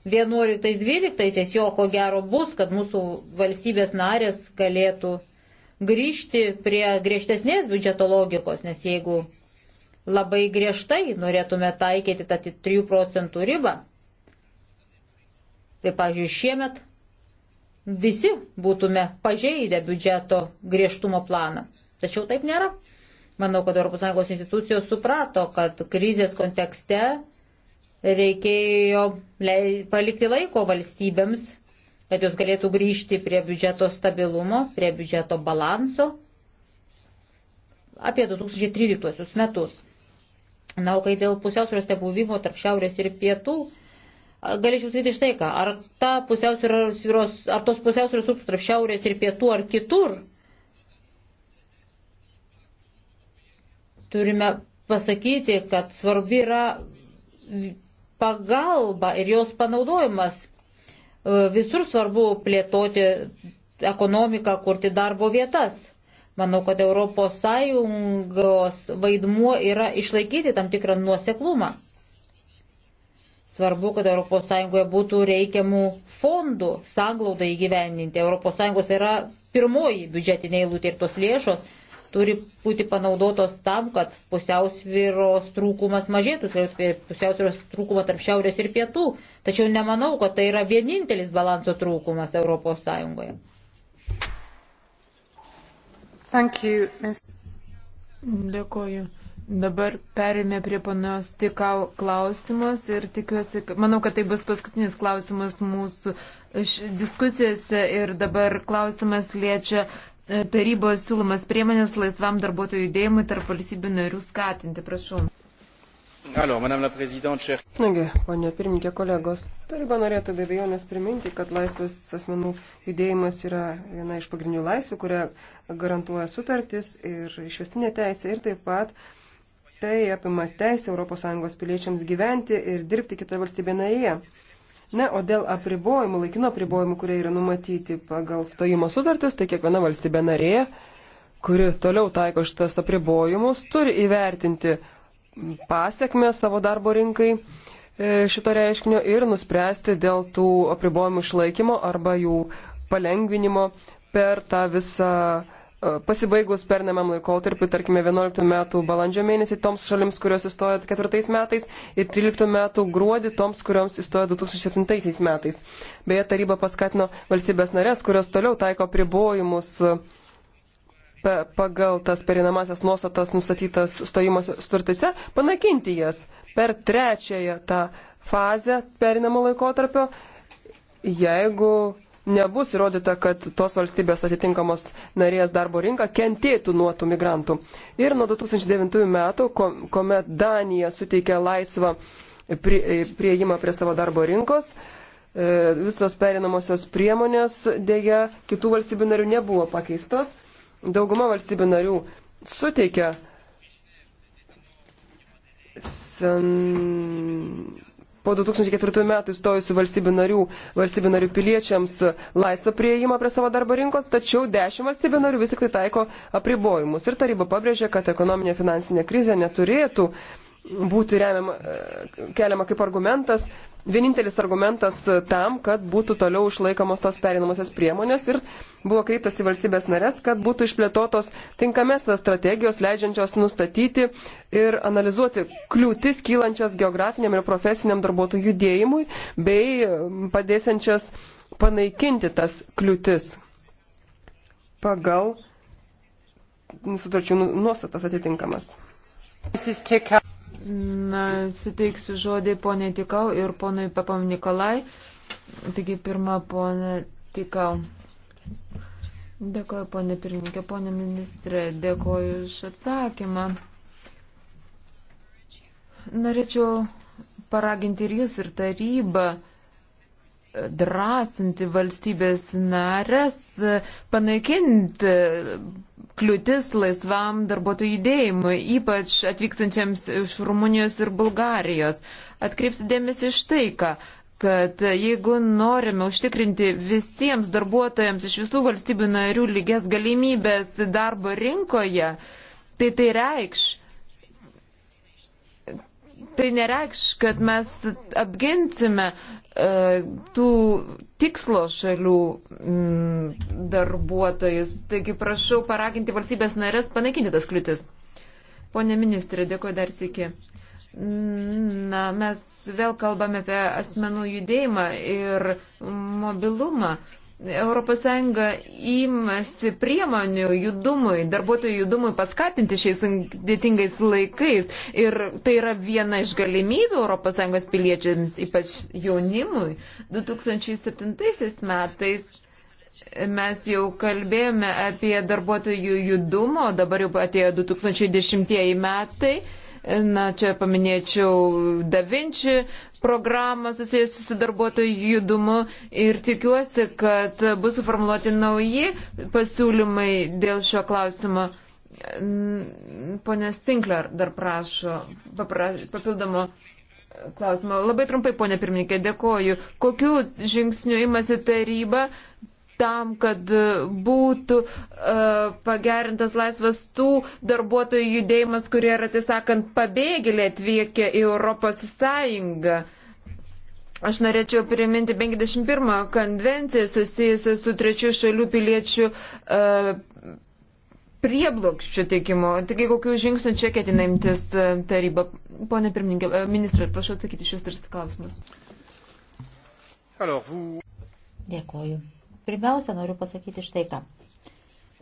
[SPEAKER 1] 11-12 jo ko gero bus, kad mūsų valstybės narės galėtų grįžti prie griežtesnės biudžeto logikos, nes jeigu labai griežtai norėtume taikyti tą 3 procentų ribą, tai, pavyzdžiui, šiemet visi būtume pažeidę biudžeto griežtumo planą. Tačiau taip nėra. Manau, kad ES institucijos suprato, kad krizės kontekste reikėjo palikti laiko valstybėms, kad jos galėtų grįžti prie biudžeto stabilumo, prie biudžeto balanso apie 2013 metus. Na, o kai dėl pusiausvėros nebuvimo tarp šiaurės ir pietų, galėčiau sakyti štai ką, ar, pusiausvėros, ar tos pusiausvėros trūksta tarp šiaurės ir pietų ar kitur, Turime pasakyti, kad svarbi yra pagalba ir jos panaudojimas. E, visur svarbu plėtoti ekonomiką, kurti darbo vietas. Manau, kad ES vaidmuo yra išlaikyti tam tikrą nuoseklumą. Svarbu, kad ES būtų reikiamų fondų sanglaudai įgyveninti. ES yra pirmoji biudžetinė eilutė ir tos lėšos turi būti panaudotos tam, kad pusiausvyros trūkumas mažėtų, tai pusiausvyros trūkumas tarp šiaurės ir pietų. Tačiau nemanau, kad tai yra vienintelis balanso trūkumas Europos Sąjungoje.
[SPEAKER 4] Dėkuoju. Dabar perėmė prie panos tikau klausimus ir tikiuosi, manau, kad tai bus paskutinis klausimas mūsų diskusijose ir dabar klausimas liečia tarybos siūlomas priemonės laisvam darbuotojų judėjimui tarp valstybių narių skatinti. Prašau.
[SPEAKER 2] Alors, Madame la Présidente, cher...
[SPEAKER 3] Nagi, ponė pirmininkė kolegos, taryba norėtų be abejonės priminti, kad laisvas asmenų judėjimas yra viena iš pagrindinių laisvių, kurią garantuoja sutartis ir išvestinė teisė ir taip pat tai apima teisę ES piliečiams gyventi ir dirbti kitoje valstybėje narėje. Na, o dėl apribojimų, laikino apribojimų, kurie yra numatyti pagal stojimo sutartis, tai kiekviena valstybė narė, kuri toliau taiko šitas apribojimus, turi įvertinti pasiekmę savo darbo rinkai e, šito reiškinio ir nuspręsti dėl tų apribojimų išlaikymo arba jų palengvinimo per tą visą pasibaigus pernamam laikotarpiu, tarkime 11 metų balandžio mėnesį toms šalims, kurios įstojo 4 metais ir 13 metų gruodį toms, kurioms įstojo 2007 metais. Beje, taryba paskatino valstybės narės, kurios toliau taiko pribojimus pagal tas perinamasias nuostatas nustatytas stojimas sutartise, panaikinti jas per trečiąją tą fazę perinamo laikotarpio, jeigu nebus įrodyta, kad tos valstybės atitinkamos narės darbo rinka kentėtų nuo tų migrantų. Ir nuo 2009 metų, kuomet Danija suteikė laisvą prieimą prie savo darbo rinkos, e, visos perinamosios priemonės dėja kitų valstybių narių nebuvo pakeistos. Dauguma valstybių narių suteikė sen po 2004 metų įstojusių valstybių narių, valstybių narių piliečiams laisvą prieimą prie savo darbo rinkos, tačiau 10 valstybių narių vis tik tai taiko apribojimus. Ir taryba pabrėžė, kad ekonominė finansinė krizė neturėtų būti remiama, keliama kaip argumentas vienintelis argumentas tam, kad būtų toliau išlaikomos tos perinamosios priemonės ir buvo kreiptas į valstybės narės, kad būtų išplėtotos tinkamesnės strategijos, leidžiančios nustatyti ir analizuoti kliūtis kylančias geografiniam ir profesiniam darbuotojų judėjimui, bei padėsiančias panaikinti tas kliūtis pagal sutarčių nu- nuostatas atitinkamas. Na,
[SPEAKER 4] suteiksiu žodį ponė Tikau ir ponui Papam Nikolai. Taigi pirmą ponę Tikau. Dėkoju, ponė pirmininkė, ponė ministrė, dėkoju už atsakymą. Norėčiau paraginti ir jūs, ir tarybą drąsinti valstybės narės, panaikinti kliūtis laisvam darbuotojų judėjimui, ypač atvykstančiams iš Rumunijos ir Bulgarijos. Atkreipsiu dėmesį iš tai, ką kad jeigu norime užtikrinti visiems darbuotojams iš visų valstybių narių lygias galimybės darbo rinkoje, tai tai reikš, tai nereikš, kad mes apginsime e, tų tikslo šalių m, mm, darbuotojus. Taigi prašau paraginti valstybės narės panaikinti tas kliūtis. Pone ministrė, dėkuoju dar sėki. Na, mes vėl kalbame apie asmenų judėjimą ir mobilumą. ES įmasi priemonių judumui, darbuotojų judumui paskatinti šiais sudėtingais laikais. Ir tai yra viena iš galimybių ES piliečiams, ypač jaunimui. 2007 metais mes jau kalbėjome apie darbuotojų judumą, dabar jau atėjo 2010 metai. Na, čia paminėčiau Da Vinci programą susijusiu su darbuotojų judumu ir tikiuosi, kad bus suformuoluoti nauji pasiūlymai dėl šio klausimo. Pone Stinkler dar prašo papildomo klausimą. Labai trumpai, ponė pirmininkė, dėkoju. Kokiu žingsniu imasi taryba tam, kad būtų uh, pagerintas laisvas tų darbuotojų judėjimas, kurie yra, tiesąkant, pabėgėliai atvykę į Europos Sąjungą. Aš norėčiau priminti 51 konvenciją susijusią su trečių šalių piliečių uh, prieblokščių teikimu. Taigi, kokių žingsnių čia ketina imtis e, taryba? Pone pirmininkė, ministrė, prašau atsakyti šios tris klausimus.
[SPEAKER 2] Alors, vous...
[SPEAKER 1] Dėkoju. Pirmiausia, noriu pasakyti štai ką.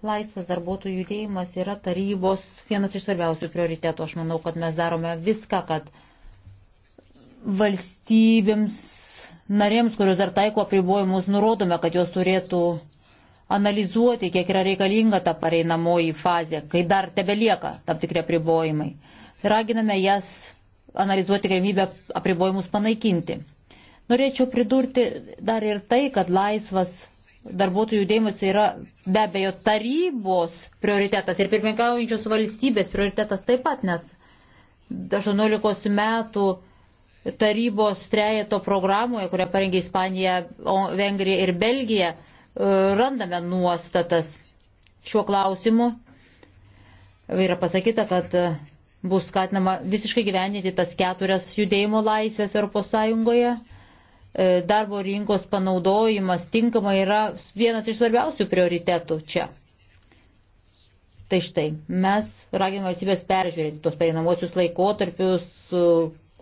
[SPEAKER 1] Laisvas darbuotojų judėjimas yra tarybos vienas iš svarbiausių prioritetų. Aš manau, kad mes darome viską, kad valstybėms narėms, kurios dar taiko apribojimus, nurodome, kad jos turėtų analizuoti, kiek yra reikalinga ta pareinamoji fazė, kai dar tebelieka tam tikri apribojimai. Raginame jas analizuoti galimybę apribojimus panaikinti. Norėčiau pridurti dar ir tai, kad laisvas darbuotojų judėjimas yra be abejo tarybos prioritetas ir pirmininkaujančios valstybės prioritetas taip pat, nes 18 metų tarybos trejeto programoje, kurią parengė Ispanija, Vengrija ir Belgija, e, randame nuostatas šiuo klausimu. Yra pasakyta, kad bus skatinama visiškai gyveninti tas keturias judėjimo laisvės Europos Sąjungoje E, darbo rinkos panaudojimas tinkamai yra vienas iš svarbiausių prioritetų čia. Tai štai, mes raginame valstybės peržiūrėti tos pereinamosius laikotarpius, e,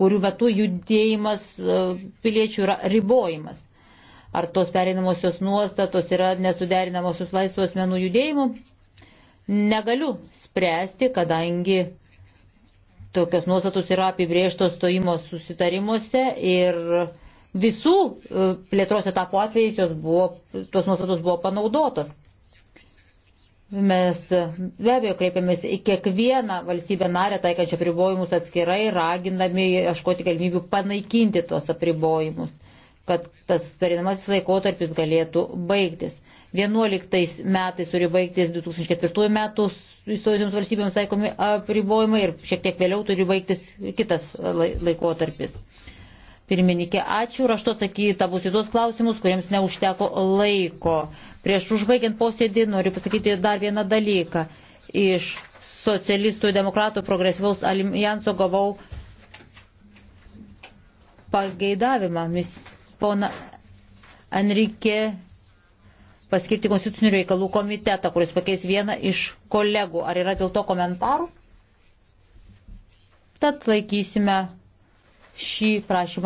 [SPEAKER 1] kurių metu judėjimas e, piliečių yra ribojimas. Ar tos pereinamosios nuostatos yra nesuderinamosios laisvos menų judėjimu? Negaliu spręsti, kadangi tokios nuostatos yra apibrieštos stojimo susitarimuose ir Visų e, plėtros etapų atvejais jos buvo, tos nuostatos buvo panaudotos. Mes e, be abejo kreipiamės į kiekvieną valstybę narę taikančią apribojimus atskirai, ragindami ieškoti galimybių panaikinti tuos apribojimus, kad tas perinamasis laikotarpis galėtų baigtis. 11 metais turi baigtis 2004 metų įstojusiems valstybėms taikomi apribojimai ir šiek tiek vėliau turi baigtis kitas laikotarpis. Pirmininkė, ačiū raštu atsakyta bus į tuos klausimus, kuriems neužteko laiko. Prieš užbaigiant posėdį noriu pasakyti dar vieną dalyką. Iš socialistų demokratų progresyvaus alijanso gavau pageidavimą. Mis, pona Enrike paskirti konstitucinių reikalų komitetą, kuris pakeis vieną iš kolegų. Ar yra dėl to komentarų? Tad laikysime šį prašymą.